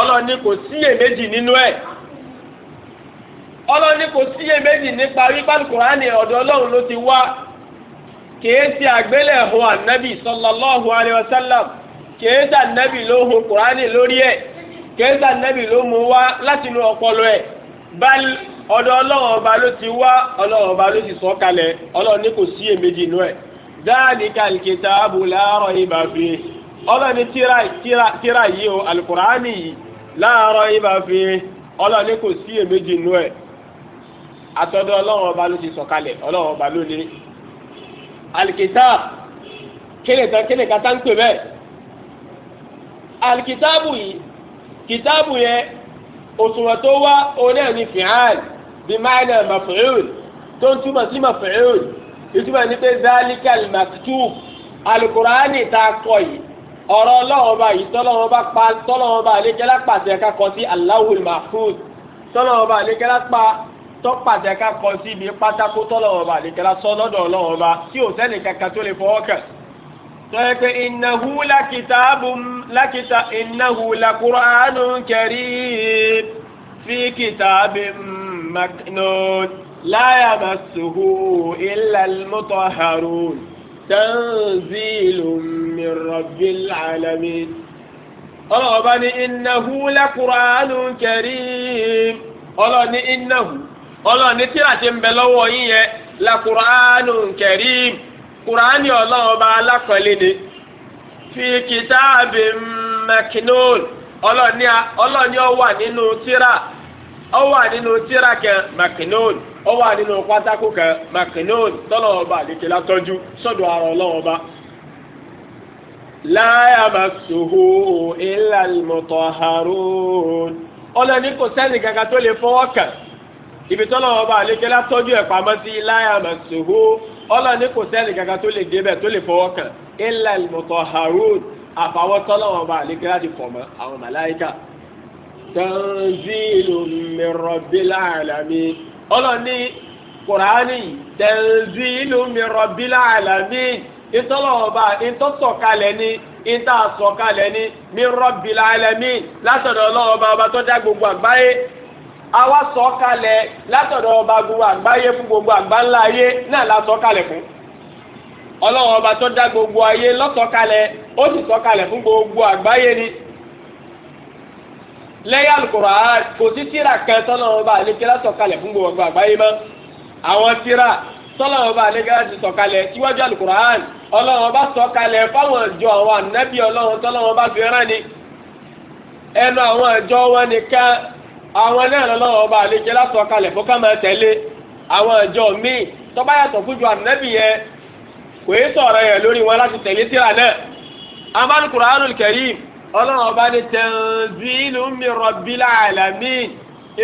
A: ọlọ́run ní kò síyèméjì nínú ẹ̀ ọlọ́ni kò síyè méjì nípa wípé alukurani ọ̀dọ̀ ọlọ́run ló ti wá kìí ṣe àgbélẹ̀hùn ànábì sallallahu alayhi wa sallam kìí ṣe ànábì ló hun kurani lórí ẹ̀ kìí ṣe ànábì ló mú wá láti inú ọpọlọ ẹ̀ bal ọ̀dọ̀ ọlọ́run ọba ló ti wá ọlọ́run ọba ló ti sọ kalẹ̀ ọlọ́ni kò síyè méjì nú ẹ̀ dáàdìkà kitabu la raiba fi ọlọ́ni tíra yìí o alukurani yìí la raiba fi ọlọ́ni kò síyè méjì nú ẹ̀ àtọ́dọ̀ ọlọ́run ọba ló ti sọ̀kalẹ̀ ọlọ́run ọba ló ní alikitab kíni tán kíni kata ń pè bẹ́ẹ̀ alikitaabu yìí kitaabu yẹn òṣùwọ̀n tó wá oní ẹ̀ ní fìhàn bí máìnà maf'ul tó ń túmọ̀ sí maf'ul ìtumọ̀ ní pé zálíkà maktub alukurani tá a kọ yìí ọ̀rọ̀ ọlọ́run ọba yìí tọ́lọ́run ọba pa tọ́lọ́run ọba àlékẹ́lá pàṣẹ kakọ sí aláwùl mahfuz tọ́lọ́run ọba àlékẹ́lá pa tọ́pàṣẹ ká kọ sí ibi pátákó tọ́lọ́wọ́ bá àdìkẹ́lá sọ lọ́dọ̀ ọlọ́wọ́ bá tí ò sẹ́ni kankan tó lè fọwọ́ kàn. tọ́yẹ pé ìnáhu lákìtàbù lákìtà ìnáhu làkúránù karim fi kìtàbì maknun láyà màsùhù illa al-mutahharun tanzilun min rabbil alamin. ọlọ́wọ́ bá ní ìnáhu làkúránù karim ọlọ́ọ̀ ní ìnáhu. ọlọ́run tira tíra ti ń bẹ lọ́wọ́ la kuranu karim kurani ọlọ́run ọba alákọ̀ọ́lé ni fi kìtàbí makinol ọlọ́run wà nínú tíra ó wà nínú tíra kan wà nínú pátákó kan makinol tọ́lọ́ ọba àdékè látọ́jú sọ́dọ̀ kò sẹ́ni tó lè fọwọ́ kàn. ibi tọ́lọ̀ ọba àlékẹ́ látọ́jú ẹ̀ pamọ́ sí láyà màṣòwò ọlọ́ ní kò sẹ́ni kankan tó lè débẹ̀ tó lè fọwọ́ kàn ilà ìmọ̀tọ̀ harun àfàwọ́ tọ́lọ̀ ọba àlékẹ́ láti fọ̀mọ́ àwọn màláìkà tanzilu min rabbil alamin ọlọ́ ní kùránì tanzilu min rabbil alamin ìtọ́lọ̀ ọba ìtọ́sọ̀kalẹ̀ ní ìtàsọ̀kalẹ̀ ní min rabbil látọ̀dọ̀ ọlọ́ àwa sọ kalẹ̀ látọ̀dọ̀ ọba gbogbo àgbáyé fún gbogbo àgbáńlá ayé náà la sọ kalẹ̀ fún ọlọ́run ọba tó dá gbogbo ayé lọ́sọ̀kalẹ̀ ó sì fún gbogbo àgbáyé ni lẹ́yìn a kò sí tírà kan tọ́lọ́run ọba fún gbogbo àgbáyé mọ́ àwọn tírà tọ́lọ́run ọba síwájú ọba fáwọn àwọn àwọn náà lọ́wọ́ ọba àlejò látọ̀ kalẹ̀ fún kámẹ́ tẹ́lẹ̀ àwọn ìjọ míì tọ́ba yàtọ̀ fún ju ànábì yẹn kò é sọ̀rọ̀ yẹn lórí wọn láti tẹ̀lé tírà náà amal Qur'anul Karim ọlọ́run ọba ní tanzilu min rabbil alamin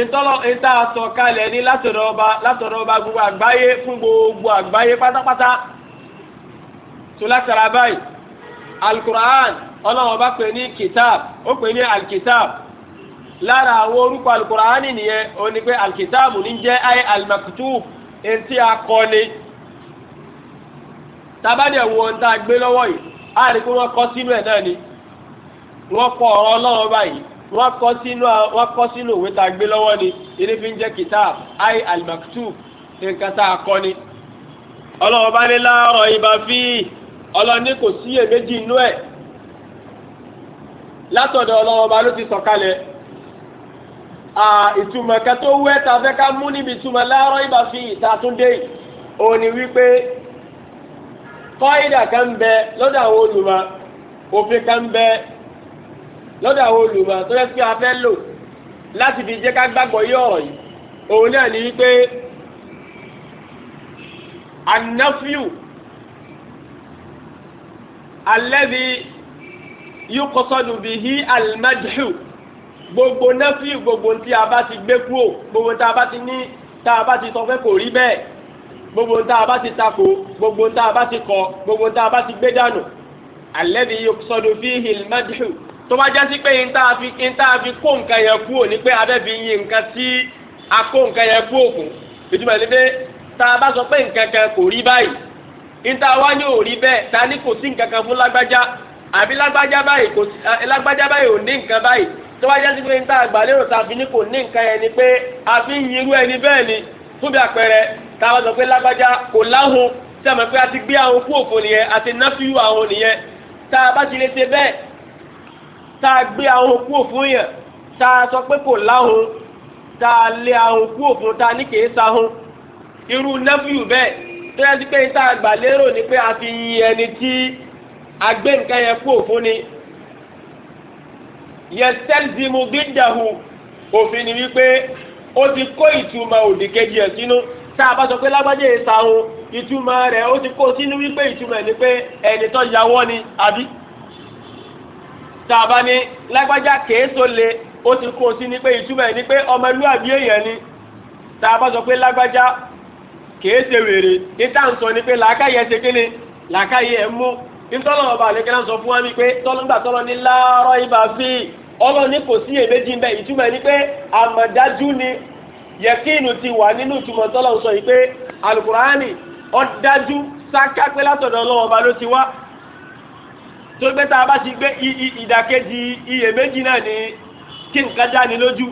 A: ìtọ́lọ́ ìta àtọ̀kalẹ̀ ní látọ̀dọ̀ ọba látọ̀dọ̀ ọba gbogbo àgbáyé fún gbogbo àgbáyé pátápátá tó látara báyìí alukur'an lára àwọn orúkọ alukurani nìyẹn ó ní pé alkitaabu ní jẹ́ ayé alimakutu etí akọni tabani ẹ̀wọ̀ ń tá a gbé lọ́wọ́ yìí a rí pé wọ́n kọ́ sínú ẹ̀ náà ni wọ́n kọ ọ̀rọ̀ ọlọ́run báyìí wọ́n kọ́ sínú wọ́n kọ́ sínú òwe tá a gbé lọ́wọ́ ni ilé fi ń jẹ́ kitaab ayé alimakutu nǹkan tá a kọ́ ni bá ní láàárọ̀ ibà fíì ọlọ́ni kò síyèméjì inú ẹ̀ látọ̀dọ̀ ọlọ́run bá ló ti sọ̀kalẹ̀ ìtumọ̀ kan tó wẹ́ ta fẹ́ ká mú níbi ìtumọ̀ láàárọ̀ ìbá fi ìtàtúndé òun ni wípé kọ́ìdà kan bẹ lọ́dọ̀ àwọn olùmọ̀ òfin kan bẹ lọ́dọ̀ àwọn olùmọ̀ tó yẹ kí a fẹ́ lò láti fi jẹ́ ká gbàgbọ́ yí ọ̀rọ̀ yìí òun náà ni wípé annafiu alladhi yuqsadu bihi almadhu gbogbo nẹ́fì gbogbo tí a bá ti gbé kúrò gbogbo tá a bá ti ní tá a bá ti sọ fẹ́ kò rí bẹ́ẹ̀ gbogbo tá a bá ti takò gbogbo tá a bá ti kọ̀ gbogbo tá a bá ti gbé dànù alladhi yuqsadu fihi al-madhu tó bá jásí pé n tá a fi n tá a fi kó nǹkan yẹn kúrò ní pé abẹ́ fi yin nǹkan tí a kó nǹkan yẹn kúrò fún ìtumọ̀ ní pé tá a bá sọ pé nǹkan kan kò rí báyìí n tá wá ní ò rí bẹ́ẹ̀ ta ni kò sí nǹkan kan fún lágbájá àbí lágbájá báyìí kò sí lágbájá báyìí ò ní nǹkan báyìí tó bá jẹ́ sí pé níta àgbàlérò tàbí ní kò ní nǹkan ẹni pé a fi ń yirú ẹni bẹ́ẹ̀ ni fún bí àpẹẹrẹ táwọn sọ pé lágbájá kò láhùn tí a mọ̀ pé a ti gbé àwọn kú òfò nìyẹn àti náfíù àwọn nìyẹn tá a bá ti lè ṣe bẹ́ẹ̀ tá a gbé àwọn kú òfò yẹn tá a sọ pé kò láhùn tá a lé àwọn kú òfò tá a ní kèé sáhùn irú náfíù bẹ́ẹ̀ tó yẹ sí pé níta àgbàlérò ni pé a fi yin ẹni tí a gbé nǹkan yẹn kú òfò ni yẹsẹ́lzimu dídàhù òfin ni wípé ó ti kó ìtumọ̀ òdì kejì ẹ̀ sínú tá a bá sọ pé lágbájá ìsàhùn ìtumọ̀ rẹ̀ ó ti kó sínú wípé ìtumọ̀ ẹ̀ ni pé ẹni tó yàwọ́ ni àbí tá a bá ní lágbájá kèéso le ó ti kó sí pé ìtumọ̀ ẹ̀ ni pé èèyàn ni tá a bá sọ pé lágbájá ni pé làákàyè ọlọ́run ní kò sí èméjì ń bẹ ìtumọ̀ ni pé àmọ̀dájú ni yẹkínu ti wà nínú ìtumọ̀ tọ́lọ̀ sọ yìí pé alukurani ọ̀dájú sáká pé látọ̀dọ̀ ọlọ́wọ́ ọba ló ti wá tó gbé tá a bá ti gbé ìdàkejì iyèméjì náà ni kí nǹkan jáni lójú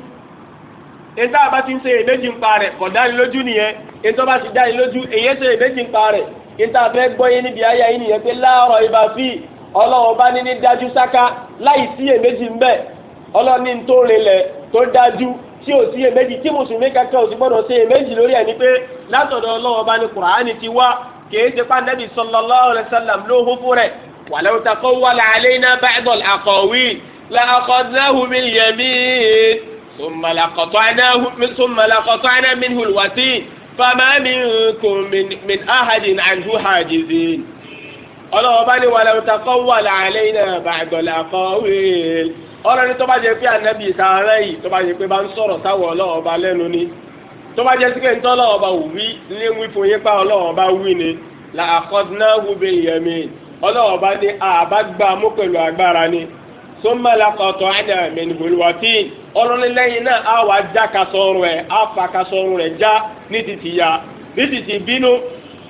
A: ètò àbá ti ń ṣe èméjì ń pa rẹ̀ kò dáni lójú nìyẹn ètò bá ti dáni lójú èyí ọlọ́run bá ní ní dájú sáká láì sí èméjì ń bẹ̀ ọlọ́run ní tó relẹ̀ tó dájú tí ò sí èméjì tí mùsùlùmí kankan ò sì gbọ́dọ̀ sí èméjì lórí ẹ̀ ni pé látọ̀dọ̀ ọlọ́run bá ní kùránì ti wá kìí ṣe pàǹdẹ́bì sallallahu alaihi wasallam ló hó fún rẹ̀ walau taqawwala min ahadin anhu hajizin ọlọ́wọ́ bá ní wàlẹ́ òtà kọ́ wà láàlẹ́ iná bàgọ́lá kọ́wé ọlọ́run ní tó bá jẹ́ pé ànábì sàárẹ̀ yìí tó bá jẹ́ pé bá ń sọ̀rọ̀ sáwọ̀ ọlọ́wọ́ bá lẹ́nu ni tó bá jẹ́ sí pé ń tọ́ ọlọ́wọ́ bá wí ní wí fún yín pa ọlọ́wọ́ bá wí ni là àkọ́dúnà wúbe ìyẹ̀mí ọlọ́wọ́ bá ní àbá gbà mú pẹ̀lú agbára ni tó ń mẹ́la kọ̀tọ̀ ẹ̀dá mẹ́nìbòlùwàtí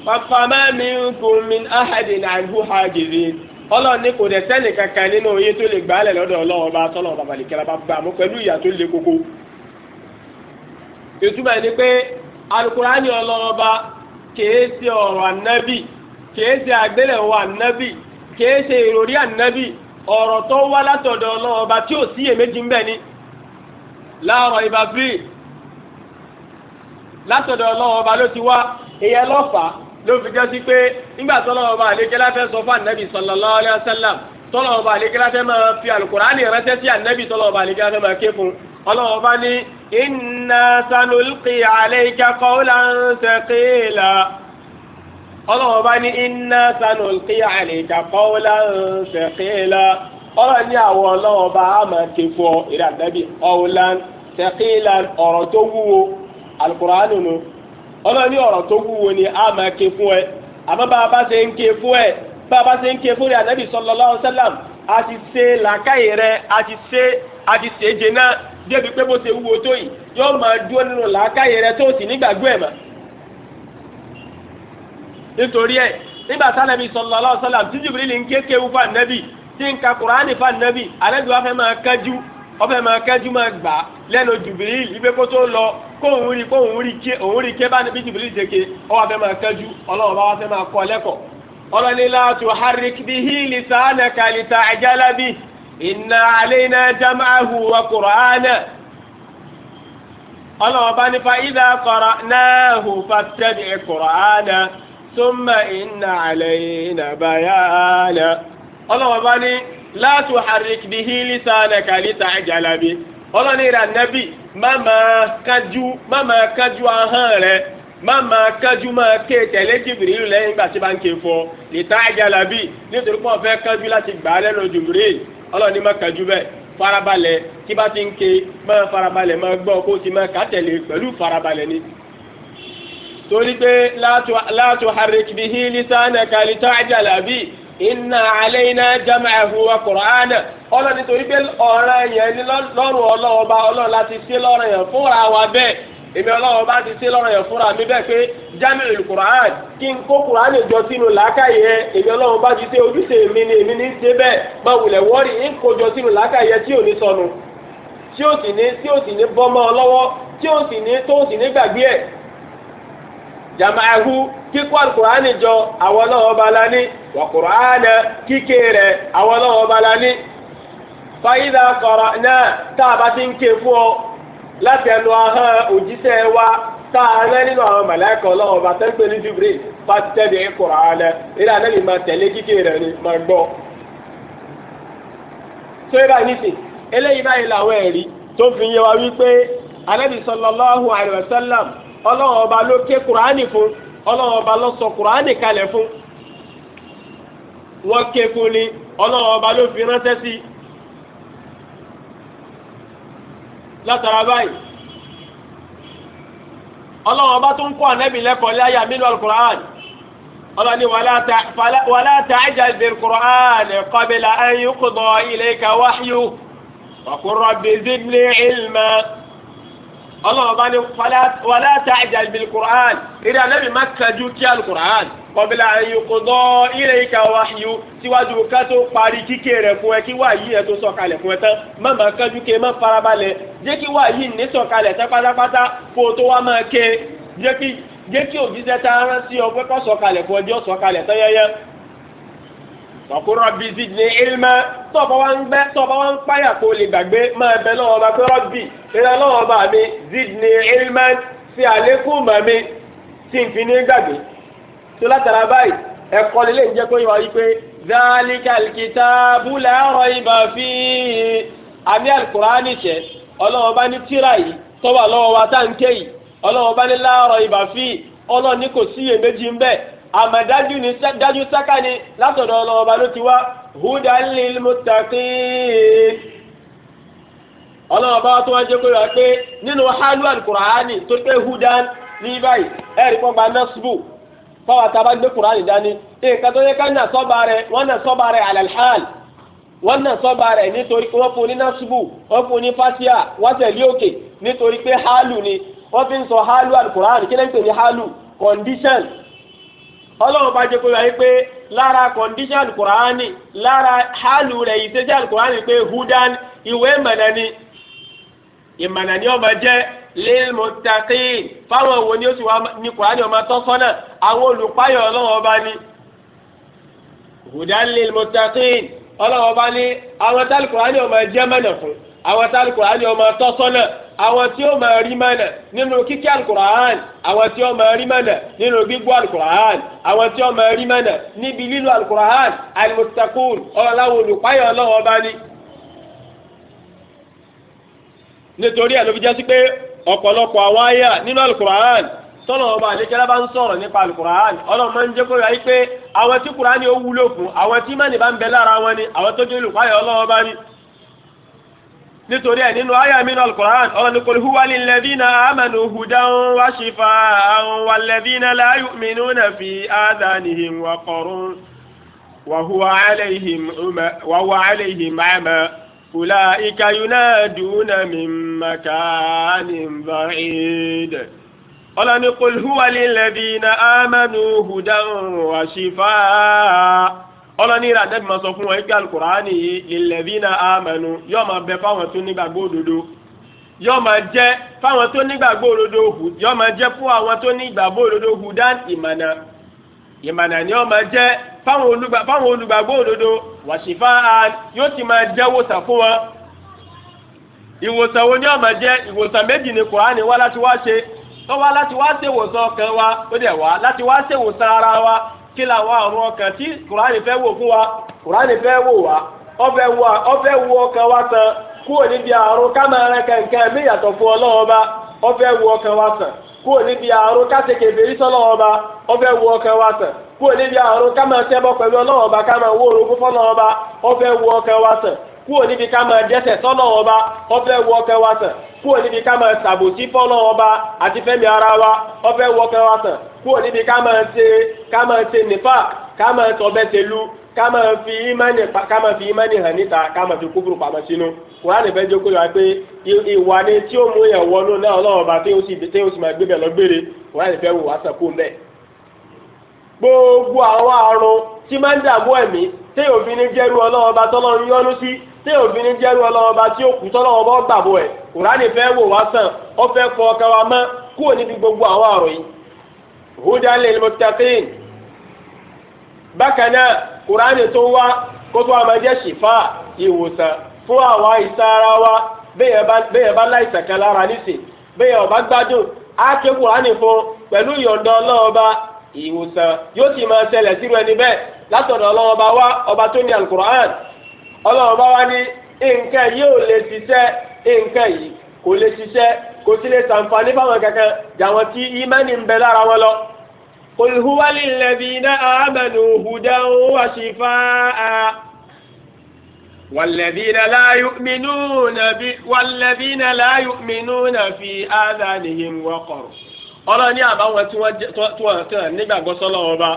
A: fàfàmà mi ń kun mi ahadi ha jìrì ọlọ́run kò dẹ̀ sẹ́ni kankan nínú oyin tó lè gbàálẹ̀ lọ́dọ̀ ọlọ́run tọ́lọ̀ bá gbà mú le koko ìtumọ̀ ni pé alukurani ọlọ́run kìí ṣe ọ̀rọ̀ ànábì kìí ṣe àgbélẹ̀wọ̀ ànábì kìí ṣe ìròrí ànábì ọ̀rọ̀ tó wá látọ̀dọ̀ tí ló fi jẹ́ sí pé nígbà tọ́lọ́wọ́ bá àlékẹ́lá fẹ́ sọ fún ànábì sallallahu alaihi wasallam tọ́lọ́wọ́ bá àlékẹ́lá fẹ́ máa fi àlùkùránì ránṣẹ́ sí ànábì tọ́lọ́wọ́ bá àlékẹ́lá fẹ́ máa ké fún ọlọ́wọ́ bá ní inna sanulqi alayka qawlan thaqila ọlọ́wọ́ bá ní inna sanulqi alayka qawlan thaqila ọlọ́wọ́ ní àwọn ọlọ́wọ́ bá ọlọ́run ní ọ̀rọ̀ tó wúwo ni a máa ké fún ẹ àmọ́ bá a bá ṣe ń ké fún ẹ bá bá ṣe ń ké fún rẹ ànábì sallallahu alaihi wasallam a ti ṣe làákàyè rẹ a ti ṣe a ti ṣe jẹ náà débi pé bó ṣe wúwo tó yìí yóò máa dúró nínú làákàyè rẹ tó sì nígbàgbọ́ ẹ̀ mọ́ nítorí ẹ nígbà sálẹ̀mí sallallahu alaihi wasallam tí Jibril ń ké kéwú fún ànábì tí ń ka kùránì fún ànábì ànábì wa fẹ́ máa kó òun rí kó òun rí ké òun rí ké bá níbi jìbìlì ṣèké ọwọ́ fẹ́ máa kẹ́jú ọlọ́run bá wá fẹ́ máa kọ́ lẹ́kọ̀ọ́ ọlọ́ni láti harik bí hílì sáánà kàlítà àjálábì inna alayna jam'ahu wa qur'ana ọlọ́run bá nípa idha qara'nahu fattabi' qur'ana thumma inna alayna bayana ọlọ́run bá ní láti harik bí hílì sáánà kàlítà àjálábì ọlọ́ni rẹ̀ ànábì mama máa kájú má máa kájú ahọ́n rẹ̀ má máa kájú máa ké tẹ̀lé jìbìrìlù lẹ́yìn ìgbà tí bá ń ké fọ lìtá àjàlá bí nítorí pé wọ́n fẹ́ kájú láti gbà á lẹ́nu jìbìrìlù ọlọ́ni má kájú bẹ́ẹ̀ farabalẹ̀ tí bá ti ń ké máa farabalẹ̀ máa gbọ́ kó ti máa kátẹ̀lé pẹ̀lú farabalẹ̀ ni torí pé látò harikibihi lisanaka lìtá àjàlá bí inna alayna jam'ahu wa qur'ana ọlọ́run nítorí pé ọ̀ràn yẹn ní lọ́rùn ọlọ́wọ́ bá ọlọ́run láti ṣe lọ́rùn yẹn fúnra wa bẹ́ẹ̀ èmi ọlọ́wọ́ bá ti ṣe lọ́rùn yẹn fúnra mi bẹ́ẹ̀ pé jam'ul qur'an kí n kó qur'an jọ sínú làákàyè èmi ọlọ́wọ́ bá ti ṣe ojúṣe mi ni èmi ní ṣe bẹ́ẹ̀ máa wulẹ̀ wọ́ọ̀rì ń kó jọ sínú làákàyè tí ò ní sọnù tí ó sì ní tí ó sì ní bọ́mọ́ ọlọ́wọ́ tí ó sì ní tó sì ní gbàgbé ẹ̀ jama'ahu kíkọ́ alukur'ani jọ àwọn ọlọ́wọ́ bá lání wà kur'ana kíké rẹ̀ àwọn ọlọ́wọ́ bá lání. fàyídà kọ̀rọ̀ náà tá a bá ti ń ké fún ọ láti ẹnu ahọ́n òjíṣẹ́ wa tá a rẹ́ nínú àwọn màláíkà ọlọ́wọ́ bá tẹ́ ń pè ní Jibril fàtẹ́bí kur'ana eré anábì máa tẹ̀lé kíké rẹ̀ ni máa gbọ́. tó yẹ báyìí nísìn eléyìí báyìí làwọn ẹ̀rí tó fi yé wa wípé anábì sallallahu ọlọ́run ọba ló ké kùránì fún ọlọ́run ọba ló sọ kùránì kalẹ̀ fún wọ́n ké fún ni ọlọ́run ọba ló fi ránṣẹ́ sí látara báyìí ọlọ́run ọba tó ń kọ́ ànábì lẹ́kọ̀ọ́ láyà nínú alukur'an ọlọ́run ni wàlá ta'jal bil qur'an qabla an yuqda ilayka wahyu wa qur rabbi zidni ilma ọlọ́run bá ní wàlá ta'jal bil qur'an eré anábì má kájú kí alukur'an qabla an yuqda ilayka wahyu síwájú ká tó parí kíkẹ́ rẹ̀ fún ẹ kí wàá yí ẹ tó sọ̀kalẹ̀ fún ẹ tán má má kájú ké má farabalẹ̀ jẹ́ kí wàá yí ní sọ̀kalẹ̀ tán pátápátá kó tó wá máa ké jẹ́ kí òjíṣẹ́ tá a rán sí ọ pé kó sọ̀kalẹ̀ fún ọjọ́ sọ̀kalẹ̀ tán yẹ́yẹ́ ọ̀kú rọ́bì zidni ilma tọ́ọ̀bà wa ń gbẹ́ tọ́ọ̀bà wa ń páyà kó lè gbàgbé máa bẹ lọ́wọ́ ọba pé rọ́bì ìlànà lọ́wọ́ ọba mi zidni ilma fi àlékún mọ̀ mi tí n fi ní gbàgbé tó látara báyìí ẹ̀kọ́ lélẹ̀ ń jẹ́ kó yíwa wípé zalikal kitabu la rayba fihi àmì alukurani ṣẹ ọlọ́wọ́ bá ní tíra yìí tọ́wà lọ́wọ́ wa táǹkẹ́ yìí ọlọ́wọ́ bá ní la rayba fihi ọlọ́ọ̀ ní kò síyèméjì ń bẹ́ẹ̀ àmà dájú ní dájú sáká ni látọ̀dọ̀ ọlọ́ọba ló ti wá hudan lil muttaqin ọlọ́ọba tó wájú pé wá pé nínú hálù alukur'ani tó pé hudan ní báyìí ẹ̀rí pọ́nba nọ́sibù fáwọn àtàbà gbé kur'ani dání nǹkan tó yẹ ká nà sọ́ba rẹ̀ wọ́n nà sọ́ba rẹ̀ alàlhàl wọ́n nà sọ́ba rẹ̀ nítorí pé wọ́n fún ní nọ́sibù wọ́n fún ní fásíà wọ́n tẹ̀lé òkè nítorí pé hálù ni wọ́n fi ń sọ hálù alukur'ani kí lẹ́yìn pè ní hálù condition ọlọ́run bá jẹ́ kó wáyé pé lára kọ̀ǹdíṣà alukur'ani lára hálù rẹ̀ ìṣẹ́jẹ́ alukur'ani pé hudan ìwé mọ̀nàni ìmọ̀nàni ọmọ jẹ́ lilmuttaqi fáwọn òwò ni ó sì wá ní kur'ani ọmọ tọ́sọ́nà àwọn olùpáyọ̀ ọlọ́run ọba ni hudan lilmuttaqi ọlọ́run ọba ni àwọn tálùkùránì ọmọ jẹ́ mọ̀nà fún àwọn tálùkùránì ọmọ tọ́sọ́nà àwọn tí ó máa rí mọ̀nà nínú kíkí alukur'an àwọn tí ó máa rí mọ̀nà nínú gbígbọ́ alukur'an àwọn tí ó máa rí mọ̀nà níbi lílo alukur'an alimutakun ọlọ́láwo olùpáyọ̀ ọlọ́wọ́ bá ní. nítorí ẹ̀ ló fi jẹ́ sí pé ọ̀pọ̀lọpọ̀ àwọn àyà nínú alukur'an tọ́lọ̀ ọba àdékẹ́lá bá ń sọ̀rọ̀ nípa alukur'an ọlọ́run máa ń jẹ́ kó yà pé àwọn tí kur'an yóò wúlò fún àwọn tí mọ̀nì bá ń bẹ lára wọn ni àwọn tó jẹ́ olùpáyọ̀ ọlọ́wọ́ bá ní. nítorí ẹ̀ nínú àyà mi náà Qur'an ọ̀rọ̀ ní kò húwa ní lẹ́dínà àmàlù hudan wá ṣìfà àwọn wà lẹ́dínà láàyò mìíràn náà fi àdánìhìn wà kọ̀rún wàhùwà àlẹ́yìn màmá kùlà ìkàyùnà dùnà mímàkà ní bàríd. ọ̀rọ̀ ní kò húwa ní lẹ́dínà àmàlù hudan wá ṣìfà. ọlọ́ni ìlà nẹ́bí máa sọ fún wọn ike alukur'ani yìí lilladhina amanu yóò máa bẹ fáwọn tó nígbàgbọ́ òdodo yóò máa jẹ fáwọn tó nígbàgbọ́ òdodo hù yóò máa jẹ fún àwọn tó nígbàgbọ́ òdodo hù dán ìmọ̀nà ìmọ̀nà ni yóò máa jẹ fáwọn olùgbàgbọ́ òdodo wàṣífà án yóò ti máa jẹ́ wòsàn fún wọn ìwòsàn wo ni ọmọ jẹ ìwòsàn méjì ni kùránì wá láti wá ṣe ó láti wá ṣèwòsàn ọkàn wa ó dẹ̀ wá láti wá ṣèwòsàn ara wa Kila wa àrùn ọkàn tí kùránì fẹ́ wò fún wa kùránì fẹ́ wò wá ọfẹ́ wo ọkàn wa tán kúrò níbi àrùn kámẹ́rẹ́ kẹ̀kẹ́ mi yàtọ̀ fún ọlọ́wọ́ bá ọfẹ́ wo ọkàn wa tán níbi àrùn sọ́lọ́wọ́ bá wa tán kúrò níbi àrùn kámẹ́rẹ́ pẹ̀lú ọlọ́wọ́ bá orogún fọ́lọ́wọ́ bá ọfẹ́ wo ọkàn wa tán ọba ọba kúrò níbi ká máa ṣe ká máa ṣe nípa ká máa tọbẹ̀ tẹ̀lú ká máa fi ìmánì ká máa fi ìmánì hàn níta ká máa fi kúfùrù pamọ́ sínú kúránì fẹ́ jókòó yà pé ìwà ni tí ó mú wọnú náà ọlọ́run bá máa lọ́gbére kúránì fẹ́ gbogbo àwọn àrùn tí máa ń dààmú ẹ̀mí ní jẹ́rú ọlọ́run bá tọ́lọ́run hudan lil muttaqin bákan náà kùránì tó wá kó tó àmọ́ jẹ́ ṣìfà ìwòsàn fún wa bẹ́ẹ̀ bá láìsàn kan lára nísìn bẹ́ẹ̀ ọ̀bá gbádùn fún pẹ̀lú ìyọ̀ǹda ọlọ́ọba ìwòsàn yóò sì máa ṣẹlẹ̀ ọ ẹni bẹ́ẹ̀ látọ̀dọ̀ ọlọ́ọba wa ọba tó ní alukur'an ọlọ́ọba wa ní nǹkan yìí ò lè ṣiṣẹ́ nǹkan قل هو للذين آمنوا هدى وشفاء والذين لا يؤمنون والذين لا يؤمنون في آذانهم وقر ọlọ́ni àbáwọn tí wọ́n tẹ̀ nígbàgbọ́ sọ́lọ́ ọba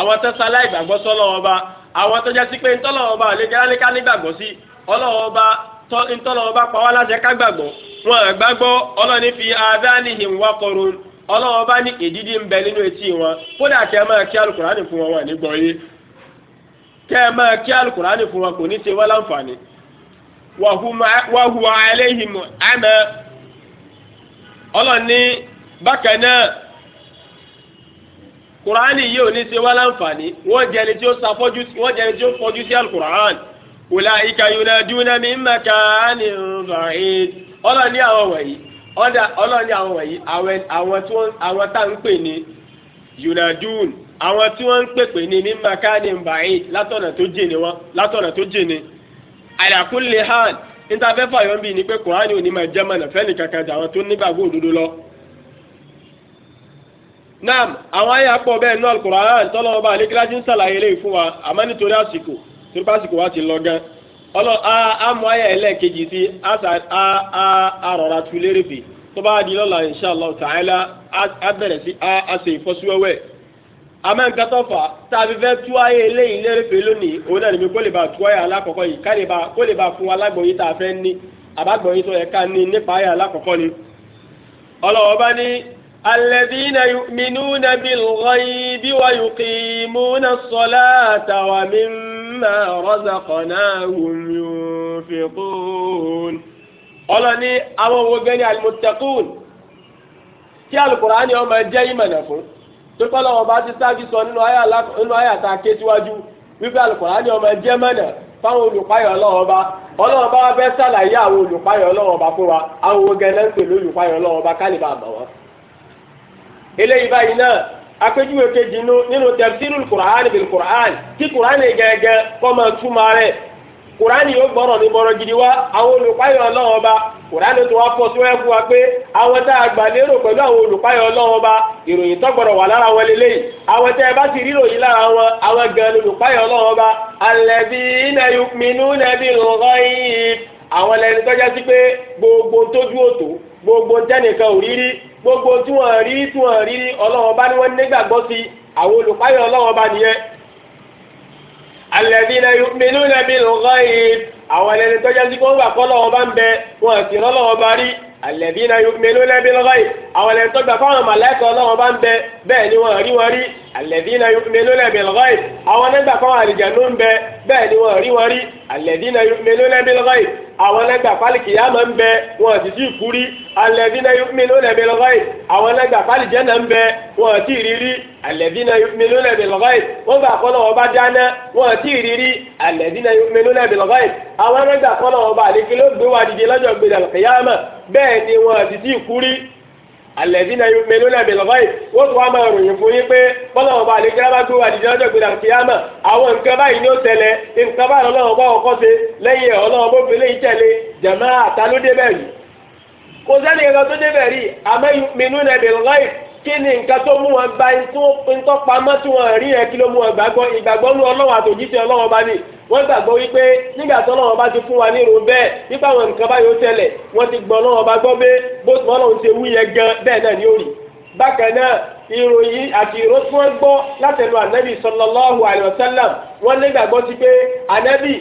A: àwọn tó sálá ìgbàgbọ́ sọ́lọ́ ọba àwọn tó jásí pé ntọ́lọ́ ọba àlékálẹ́ká nígbàgbọ́ sí ọlọ́wọ́ ọba ntọ́lọ́ ọba pa wá láṣẹ ká gbàgbọ́ wọn àgbàgbọ́ ọlọ́ni fi آذانهم وقر ọlọ́wọ́ bá ní ìdídí ń bẹ nínú etí wọn kódà kẹ́ máa kí fún wọn wọn ní gbọ́ yé máa kí fún wọn kò ní ṣe wọ́n láǹfààní wàhùwà alayhim àmẹ́ ọlọ́ni bákan náà kurani yìí ò ní ṣe wọ́n láǹfààní wọ́n jẹni tí ó ṣàfọ́jú wọ́n tí ó fọ́jú Ọla ọlọ́ọ̀ni àwọn wọ̀nyí àwọn tí wọ́n àwọn tá ń pè ní yunadun àwọn tí wọ́n ń ní látọ̀nà tó jìnnì wọn látọ̀nà tó jìnnì hàn níta ń bì ní pé kùránì ò ní máa jẹ́ mọ̀nà fẹ́ni kankan jà àwọn tó nígbàgbọ́ òdodo lọ. naam àwọn ayé bẹ́ẹ̀ kùránì tọ́lọ́wọ́ bá lè wa ọlọ amọ ayé ẹlẹ́ẹ̀kejì sí arọra tu lérèfé tó bá di lọ́la inshallah ta'ala abẹ̀rẹ̀ sí àṣẹ ìfọ́síwẹ́wẹ́ àmọ́ nǹkan tó fà tàbí fẹ́ tú ayé eléyìí lérèfé lónìí òun náà ni kó lè bá tú ayé alákọ̀ọ́kọ́ yìí ká lè bá kó lè bá fún alágbọ̀nyí tá a fẹ́ ní àbágbọ̀nyí tó yẹ ká ní nípa ayé alákọ̀ọ́kọ́ ni ọlọ́wọ́ bá ní الذين يؤمنون بالغيب ويقيمون الصلاة ومما مما رزقناهم ينفقون ọlọ́ni àwọn wo gẹ́ni alimọ̀tẹ́kùn tí alukurani ọmọ ẹjẹ́ ìmọ̀nà fún tó kọ́lọ́ wọn bá ti sáájú sọ nínú àyà tá a ké síwájú wípé alukurani ọmọ ẹjẹ́ mọ̀nà fáwọn olùpáyọ̀ ọlọ́wọ́ bá ọlọ́wọ́ bá wá fẹ́ sàlàyé àwọn olùpáyọ̀ ọlọ́wọ́ bá fún wa àwọn wo gẹ́ni ń pè lólùpáyọ̀ ọlọ́wọ́ bá kálíbà àbọ̀ wọn. eléyìí báyìí náà àpèjúwe kejì nínú tafsirul kùránì bil kùránì kí kùránì gẹ́gẹ́ kọ́ máa túmọ̀ rẹ̀ kùránì yóò gbọ́rọ̀ ní bọ̀rọ̀ gidi wá àwọn olùpáyọ̀ ọlọ́run ọba kùránì tó wá fọ́ sí wẹ́ẹ́ fún wa pé àwọn tá a gbà lérò pẹ̀lú àwọn olùpáyọ̀ ọlọ́run ọba ìròyìn tó gbọ́dọ̀ wà lára wọn lélẹ́yìn àwọn tẹ́ ẹ bá ti rírò yìí lára wọn àwọn gan olùpáyọ̀ ọlọ́run ọba alladhina yu'minuna bil ghaib àwọn lẹ́ni tó gbogbo tójú gbogbo tẹ́nìkan òrírí gbogbo tí wọ́n rí tí wọ́n rí ọlọ́wọ́n bá ní wọ́n nígbàgbọ́ sí àwọn olùpáyọ̀ ọlọ́wọ́n bá nìyẹn. alladhina yu'minuna bil ghaib àwọn ẹlẹ́ni tó jẹ́ sí kó ń gbà kọ́ ọlọ́wọ́n bá ń bẹ wọ́n sì rọ́lọ́wọ́n bá rí alladhina yu'minuna bil ghaib àwọn ẹni tó gbà fáwọn màláìkà ọlọ́wọ́n bá ń bẹ bẹ́ẹ̀ ni wọ́n rí wọn rí alladhina yu'minuna bil ghaib àwọn ẹni gbà fáwọn àlìjẹ̀nú ń bẹ bẹ́ẹ̀ ni wọ́n rí wọn rí alladhina yu'minuna bil ghaib àwọn ẹni gbà fálìkì yá máa ń bẹ wọn sì ti kú rí alladhina yu'minuna bil ghaib àwọn ẹni gbà fálìjẹ́nà ń bẹ wọn sì gbà kọ́lọ̀ wọn bá dáná wọn sì rí rí alladhina yu'minuna bil àwọn ẹni gbà kọ́lọ̀ bá àlekele ó gbé wa dìde lọ́jọ́ gbé dàlùkìyàmà bẹ́ẹ̀ ni wọn àti tí ìkúrí alẹ́bí náà yóò mẹ́lú náà bẹ̀rẹ̀ báyìí wọ́n tún wá máa ròyìn fún yín pé bọ́lá wọn bá lè kí lábá gbówó àdìjọ́ ọjọ́ gbéra fi ámà àwọn nǹkan báyìí ní ó tẹ̀lé nǹkan báyìí ọlọ́run bá ọkọ́ ṣe lẹ́yìn ọlọ́run bó fi léyìn tẹ̀lé jàmáà ta kò sẹ́ni kankan tó débẹ̀ rí mẹ́lú náà bẹ̀rẹ̀ báyìí kí ni nǹkan tó mú wọn gba ntọ́ pamọ́ tí wọ́n rí yẹn kí ló mú wọn gbàgbọ́ ìgbàgbọ́ ní ọlọ́wọ́ àtòjíṣẹ́ ọlọ́wọ́ bá ní wọ́n gbàgbọ́ wípé nígbà tó ọlọ́wọ́ bá ti fún wa ní irun bẹ́ẹ̀ nípa àwọn nǹkan báyìí ó tẹ̀lẹ̀ wọ́n ti gbọ́ ọlọ́wọ́ bá gbọ́ pé bó ti ọlọ́run ṣe wí yẹn gan bẹ́ẹ̀ náà ni ó rí bákan náà ìròyìn àti ìró tí wọ́n gbọ́ látẹnu ànábì sallallahu alaihi wasallam wọ́n nígbàgbọ́ sí pé ànábì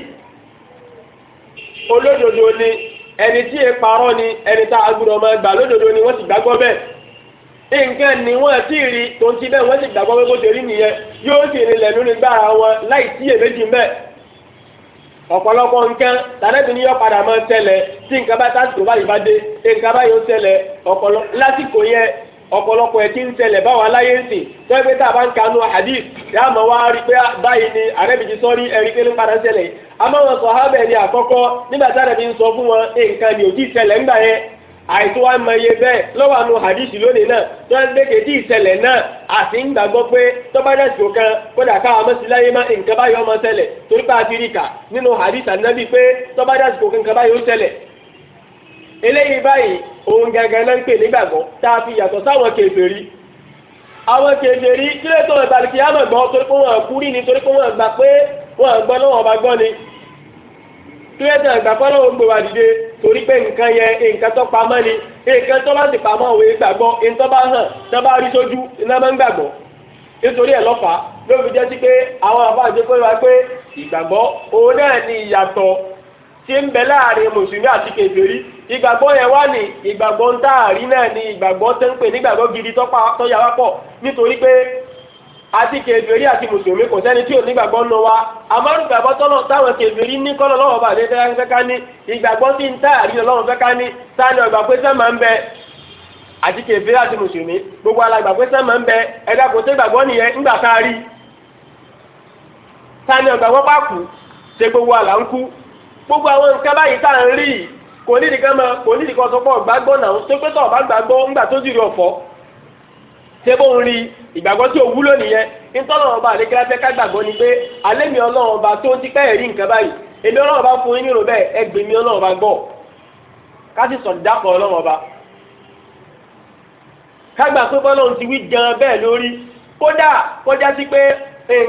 A: olódodo ni ẹni tí èèpàrọ̀ ni ẹni tá a gbúdọ̀ máa gbà lódodo ni wọ́n ti gbàgbọ́ bẹ́ẹ̀ nǹkan ni wọ́n ti rí tó ń ti bẹ́ẹ̀ wọ́n sì gbàgbọ́ pé bó ṣe rí nìyẹn yóò sì rí lẹ́nu ní gbára wọn láì sí èméjì ọ̀pọ̀lọpọ̀ nǹkan ni yóò padà máa ṣẹlẹ̀ tí nǹkan bá sásìkò báyìí bá dé nǹkan ṣẹlẹ̀ lásìkò ọ̀pọ̀lọpọ̀ ẹ̀ ti ń ṣẹlẹ̀ báwa láyé ń sìn tá a bá ń kanú yá ni ti ẹ̀rí pé ló padà ṣẹlẹ̀ wọn ni àkọ́kọ́ nígbà tí àìtó wa mọ iye bẹ́ẹ̀ lọ́wọ́ àánú hadith lónìí náà tó ń gbé kéde ìṣẹ̀lẹ̀ náà àti ń gbàgbọ́ pé tọ́bádẹ́sì kan kódà káwọn mọ́síláyé má nǹkan báyọ̀ ọmọ ṣẹlẹ̀ torí pé àti ríkà nínú hadith ànábì pé tọ́bádẹ́sì kan nǹkan báyọ̀ ó ṣẹlẹ̀ eléyìí báyìí òun gangan náà ń pè nígbàgbọ́ tá a fi yàtọ̀ sáwọn kèfèrí àwọn kèfèrí kí lè tó ìbàlùkì àmọ̀gbọ́ torí pé wọ́n kú rí ni torí pé wọ́n gbà pé wọ́n gbọ́ lọ́wọ́ tíwẹ́tà ìgbàkọ́lọ́ òun gbòòwà dìde torí pé nǹkan yẹ nǹkan tó pamọ́ ni nǹkan tó bá ti pamọ́ òwe gbàgbọ́ nǹkan bá hàn tó bá rí sójú iná máa ń gbàgbọ́ nítorí ẹ̀ lọ́fà ló fi jẹ́ sí pé àwọn pé mùsùlùmí àti ìgbàgbọ́ yẹn wá ní ìgbàgbọ́ ń tààrí náà ni ìgbàgbọ́ tó gidi àti kèbèrí àti mùsùlùmí kò sẹ́ni tí ò nígbàgbọ́ nù wa amárùgbàgbọ́ tọ́lọ̀ táwọn kèbèrí ní kọ́lọ̀ lọ́wọ́ bá lé fẹ́ ká ní ìgbàgbọ́ sí ń tá àríyàn lọ́wọ́ fẹ́ ní sáni ọgbà pé sẹ́ máa ń bẹ gbogbo alàgbà pé sẹ́ máa ń bẹ ẹ̀dá kò sí ìgbàgbọ́ nìyẹn ńgbà rí ọgbàgbọ́ gbogbo àlà ń gbogbo àwọn nǹkan sebo nri rí ìgbàgbọ́ tí ò wúlò nìyẹn nítorí ọba àdékẹ́lá fẹ́ ká gbàgbọ́ ni pé alẹ́ ọlọ́run ọba tó ti pẹ́ ẹ̀rí nǹkan báyìí èmi ọlọ́run ọba fún yín nírò bẹ́ẹ̀ ẹgbẹ́ mi ọlọ́run ọba gbọ́ ká sì sọ̀rọ̀ dápọ̀ ọlọ́run ọba ká gbà pé bọ́lọ́run ti wí gan bẹ́ẹ̀ lórí kódà kọjá sí pé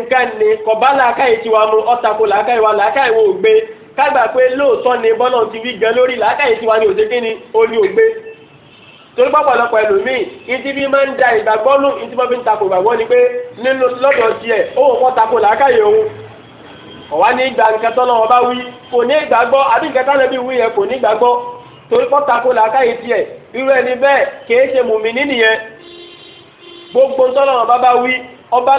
A: nǹkan mu làákàyè làákàyè torí pọ̀pọ̀lọpọ̀ ẹlòmíì ìdí bí máa ń da ìgbàgbọ́ nù ìdí bọ́ fi ń takò ìgbàgbọ́ ni pé nínú lọ́dọ̀ tiẹ̀ òun kọ́ takò làákàyè òun ọ̀wá ní ìgbà nǹkan tọ́lọ́ bá wí kò ní ìgbàgbọ́ àbí nǹkan tánà wí yẹn kò ní ìgbàgbọ́ torí kọ́ takò làákàyè gbogbo bá bá wí ọba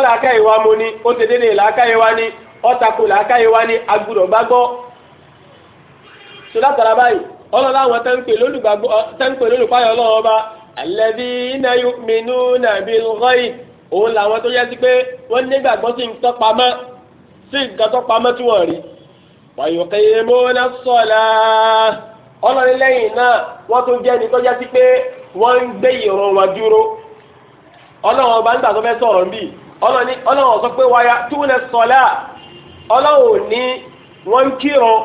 A: ni ọlọ́lá àwọn tẹ́ńpẹ̀ lólùpáyọ̀ ọlọ́run ọba alladhina yu'minuna bil ghaib òun làwọn tó yẹ sí pé wọ́n nígbàgbọ́ sí nǹkan pamọ́ sí nǹkan tó pamọ́ tí wọ́n rí wa yuqimuna as-salah ọlọ́run lẹ́yìn náà wọ́n tún jẹ́ ni tó yẹ wọ́n ń gbé ìrun wọn dúró ọlọ́run ọba nígbà tó fẹ́ sọ̀rọ̀ níbí ọlọ́run sọ pé wáyà tí wọ́n lẹ ní wọ́n ń kírun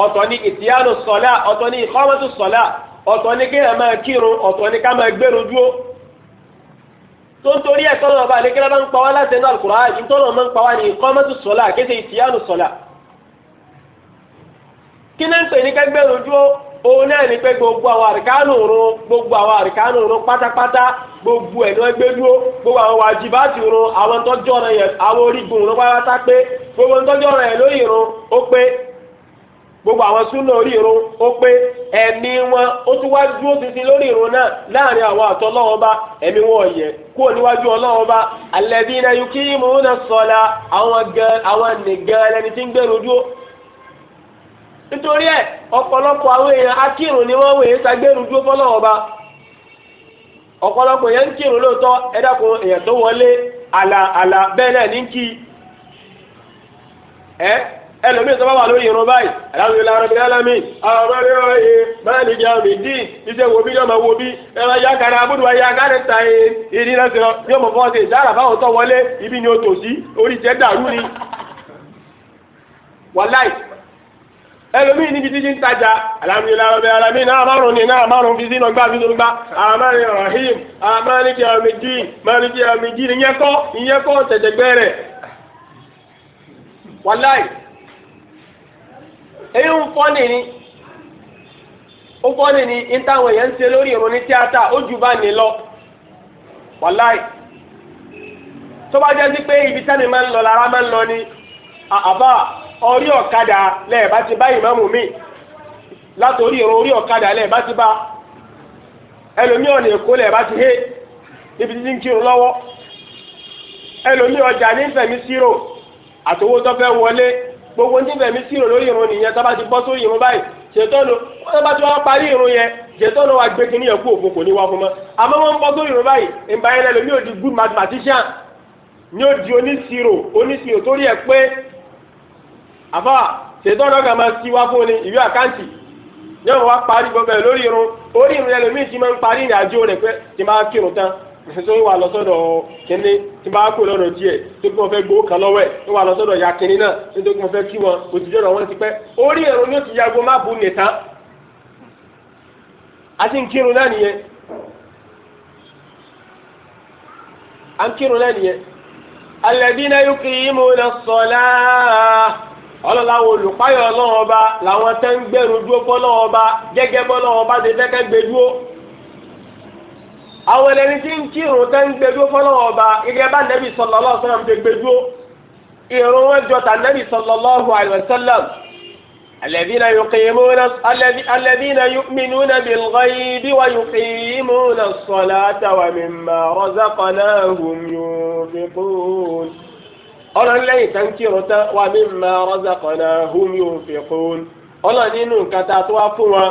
A: ọ̀tọ̀ ní ìtìyánu sọ̀lá ọ̀tọ̀ ní ìkọ́mọ́tò sọ̀lá ọ̀tọ̀ ní kí ẹ̀ máa kírun ọ̀tọ̀ ní ká máa gbèrú dúró tó ń torí ẹ̀ tọ́lọ̀ ọba àlékẹ́lá bá ń pa wá láti ẹnu Al-Qur'an ààyè tọ́lọ̀ máa ń pa wá ní ìkọ́mọ́tò sọ̀lá kéde ìtìyánu sọ̀lá kí náà ń pè ní ká gbèrú dúró òun náà ní pé gbogbo àwọn àríkánù run gbogbo àwọn àríkánù run pátápátá gbogbo ẹ̀ ní wọ́n gbé dúró gbogbo àwọn wàjibáàtì run àwọn tọ́jú ọ̀rọ̀ yẹn àwọn orígun run pátápátá pé gbogbo tọ́jú ọ̀rọ̀ yẹn lóyìn run ó pé gbogbo àwọn súnà orí irun ó pé ẹ̀mí wọn ó tún wá dúró títí lórí irun náà láàrin àwọn àtọ bá ẹ̀mí wọn yẹ kúrò níwájú ọlọ́wọ́ bá alladhina yuki as na àwọn gan àwọn nìgan ẹni tí ń gbèrú dúró. nítorí ẹ ọ̀pọ̀lọpọ̀ àwọn èèyàn akírun ni wọ́n wèé sagbèrú dúró fọlọ́wọ́ bá ọ̀pọ̀lọpọ̀ yẹn ń kírun lóòótọ́ ẹ dákun ẹlòmíì tó bá wà lórí irun báyìí alhamdulilayi arabi alami ọmọdé ọyẹ báyìí di àmì dín iṣẹ wo bí yọmọ e, náà sọ yọmọ fọwọsẹ náà márùn ni fi sínú gbá fi sínú gbá amani rahim amani di àmì dín amani di àmì dín ìyẹn èyí ń fọ́ nìní ó fọ́ nìní ìtàwọn èèyàn ń ṣe lórí ìrònú tíátà ó jù bá ní lọ wàláì tó lọ lára máa ń ni àbá orí ọ̀kadà lẹ́ẹ̀bá ti bá ìmáàmù mi látòrí ìrò orí ọ̀kadà lẹ́ẹ̀bá ti bá ẹlòmíọ̀ ní èkó lẹ́ẹ̀bá ti hé níbi títí ń kírun lọ́wọ́ ẹlòmíọ̀ ní gbogbo ní bẹ̀mí sí ìrò lórí irun nìyẹn tábà ti bọ́ sórí irun báyìí ṣètọ́nu wọ́n bá ti wá parí irun yẹn ṣètọ́nu wa gbé kínní ẹ̀kú òfin kò ní wá fún mọ́ àmọ́ wọ́n ń bọ́ sórí irun báyìí ìgbà yẹn lẹ́nu di good mathematician yóò di oníṣirò oníṣirò torí ẹ̀ pé àbá ṣètọ́nu ọ̀gá máa wá fún ni ìwé àkáǹtì yóò wá parí irun orí ìrìn tó wà lọ́sọ̀dọ̀ kínní tí bá kú lọ́dọ̀ díẹ̀ tó kí wọ́n fẹ́ gbowó kan lọ́wọ́ wà lọ́sọ̀dọ̀ ya náà tó kí wọ́n fẹ́ kí wọn òtítọ́ ti pẹ́ orí ẹ̀rọ ni ó ti yago má bu nìta àti nkírun náà nìyẹn à ń kírun náà nìyẹn olùpáyọ̀ làwọn tẹ́ ń gẹ́gẹ́ àwọn ẹlẹ́ni tí ń kírun tẹ́ ń gbẹdúró fọlọ́wọ́ ọba gẹ́gẹ́ bá nẹ́bí sallallahu alaihi wasallam ti gbẹdúró ìrun wọn jọ tà nẹ́bí sallallahu alaihi wasallam alladhina yuqimuna alladhina yu'minuna bil ghaibi wa yuqimuna as-salata wa mimma razaqnahum yunfiqun ọlọ́run lẹ́yìn tẹ́ ń kírun tẹ́ wa mimma razaqnahum yunfiqun ọlọ́run nínú nǹkan tá a tó wá fún wọn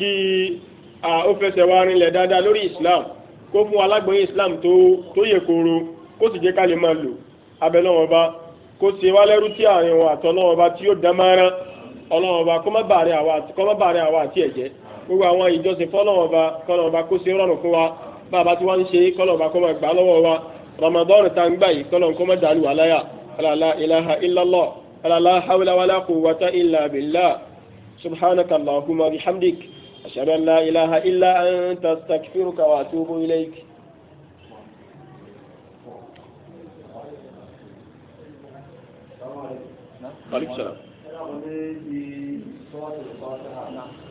A: kí ó fẹsẹ̀ wá rinlẹ̀ dáadáa lórí islam kó fún alágbóyè islam tó yẹ kóró kó sì jẹ́ ká lè máa lò abẹ́lọ́wọ́n bá kó ṣe wá lẹ́rú tí àárín wọn àtọ́lọ́wọ́n bá tí ó dán mọ́rán ọlọ́wọ́n bá kó má bàárín àwa àti ẹ̀jẹ̀ gbogbo àwọn ìjọsìn fọ́lọ́wọ́n bá kọ́lọ́wọ́n bá kó ṣe rọrùn fún wa bàbá tí wọ́n ń ṣe kọ́lọ́wọ́n bá kó máa gbà lọ́wọ́ wa ramadan ta ń gbà yìí kọ́lọ́wọ́n kó má dàlú wa láyà ilaha illallah alàlá hawla illa billah subhanaka allahumma bihamdik. أشهد أن لا إله إلا أنت أستغفرك وأتوب إليك
B: عليكم السلام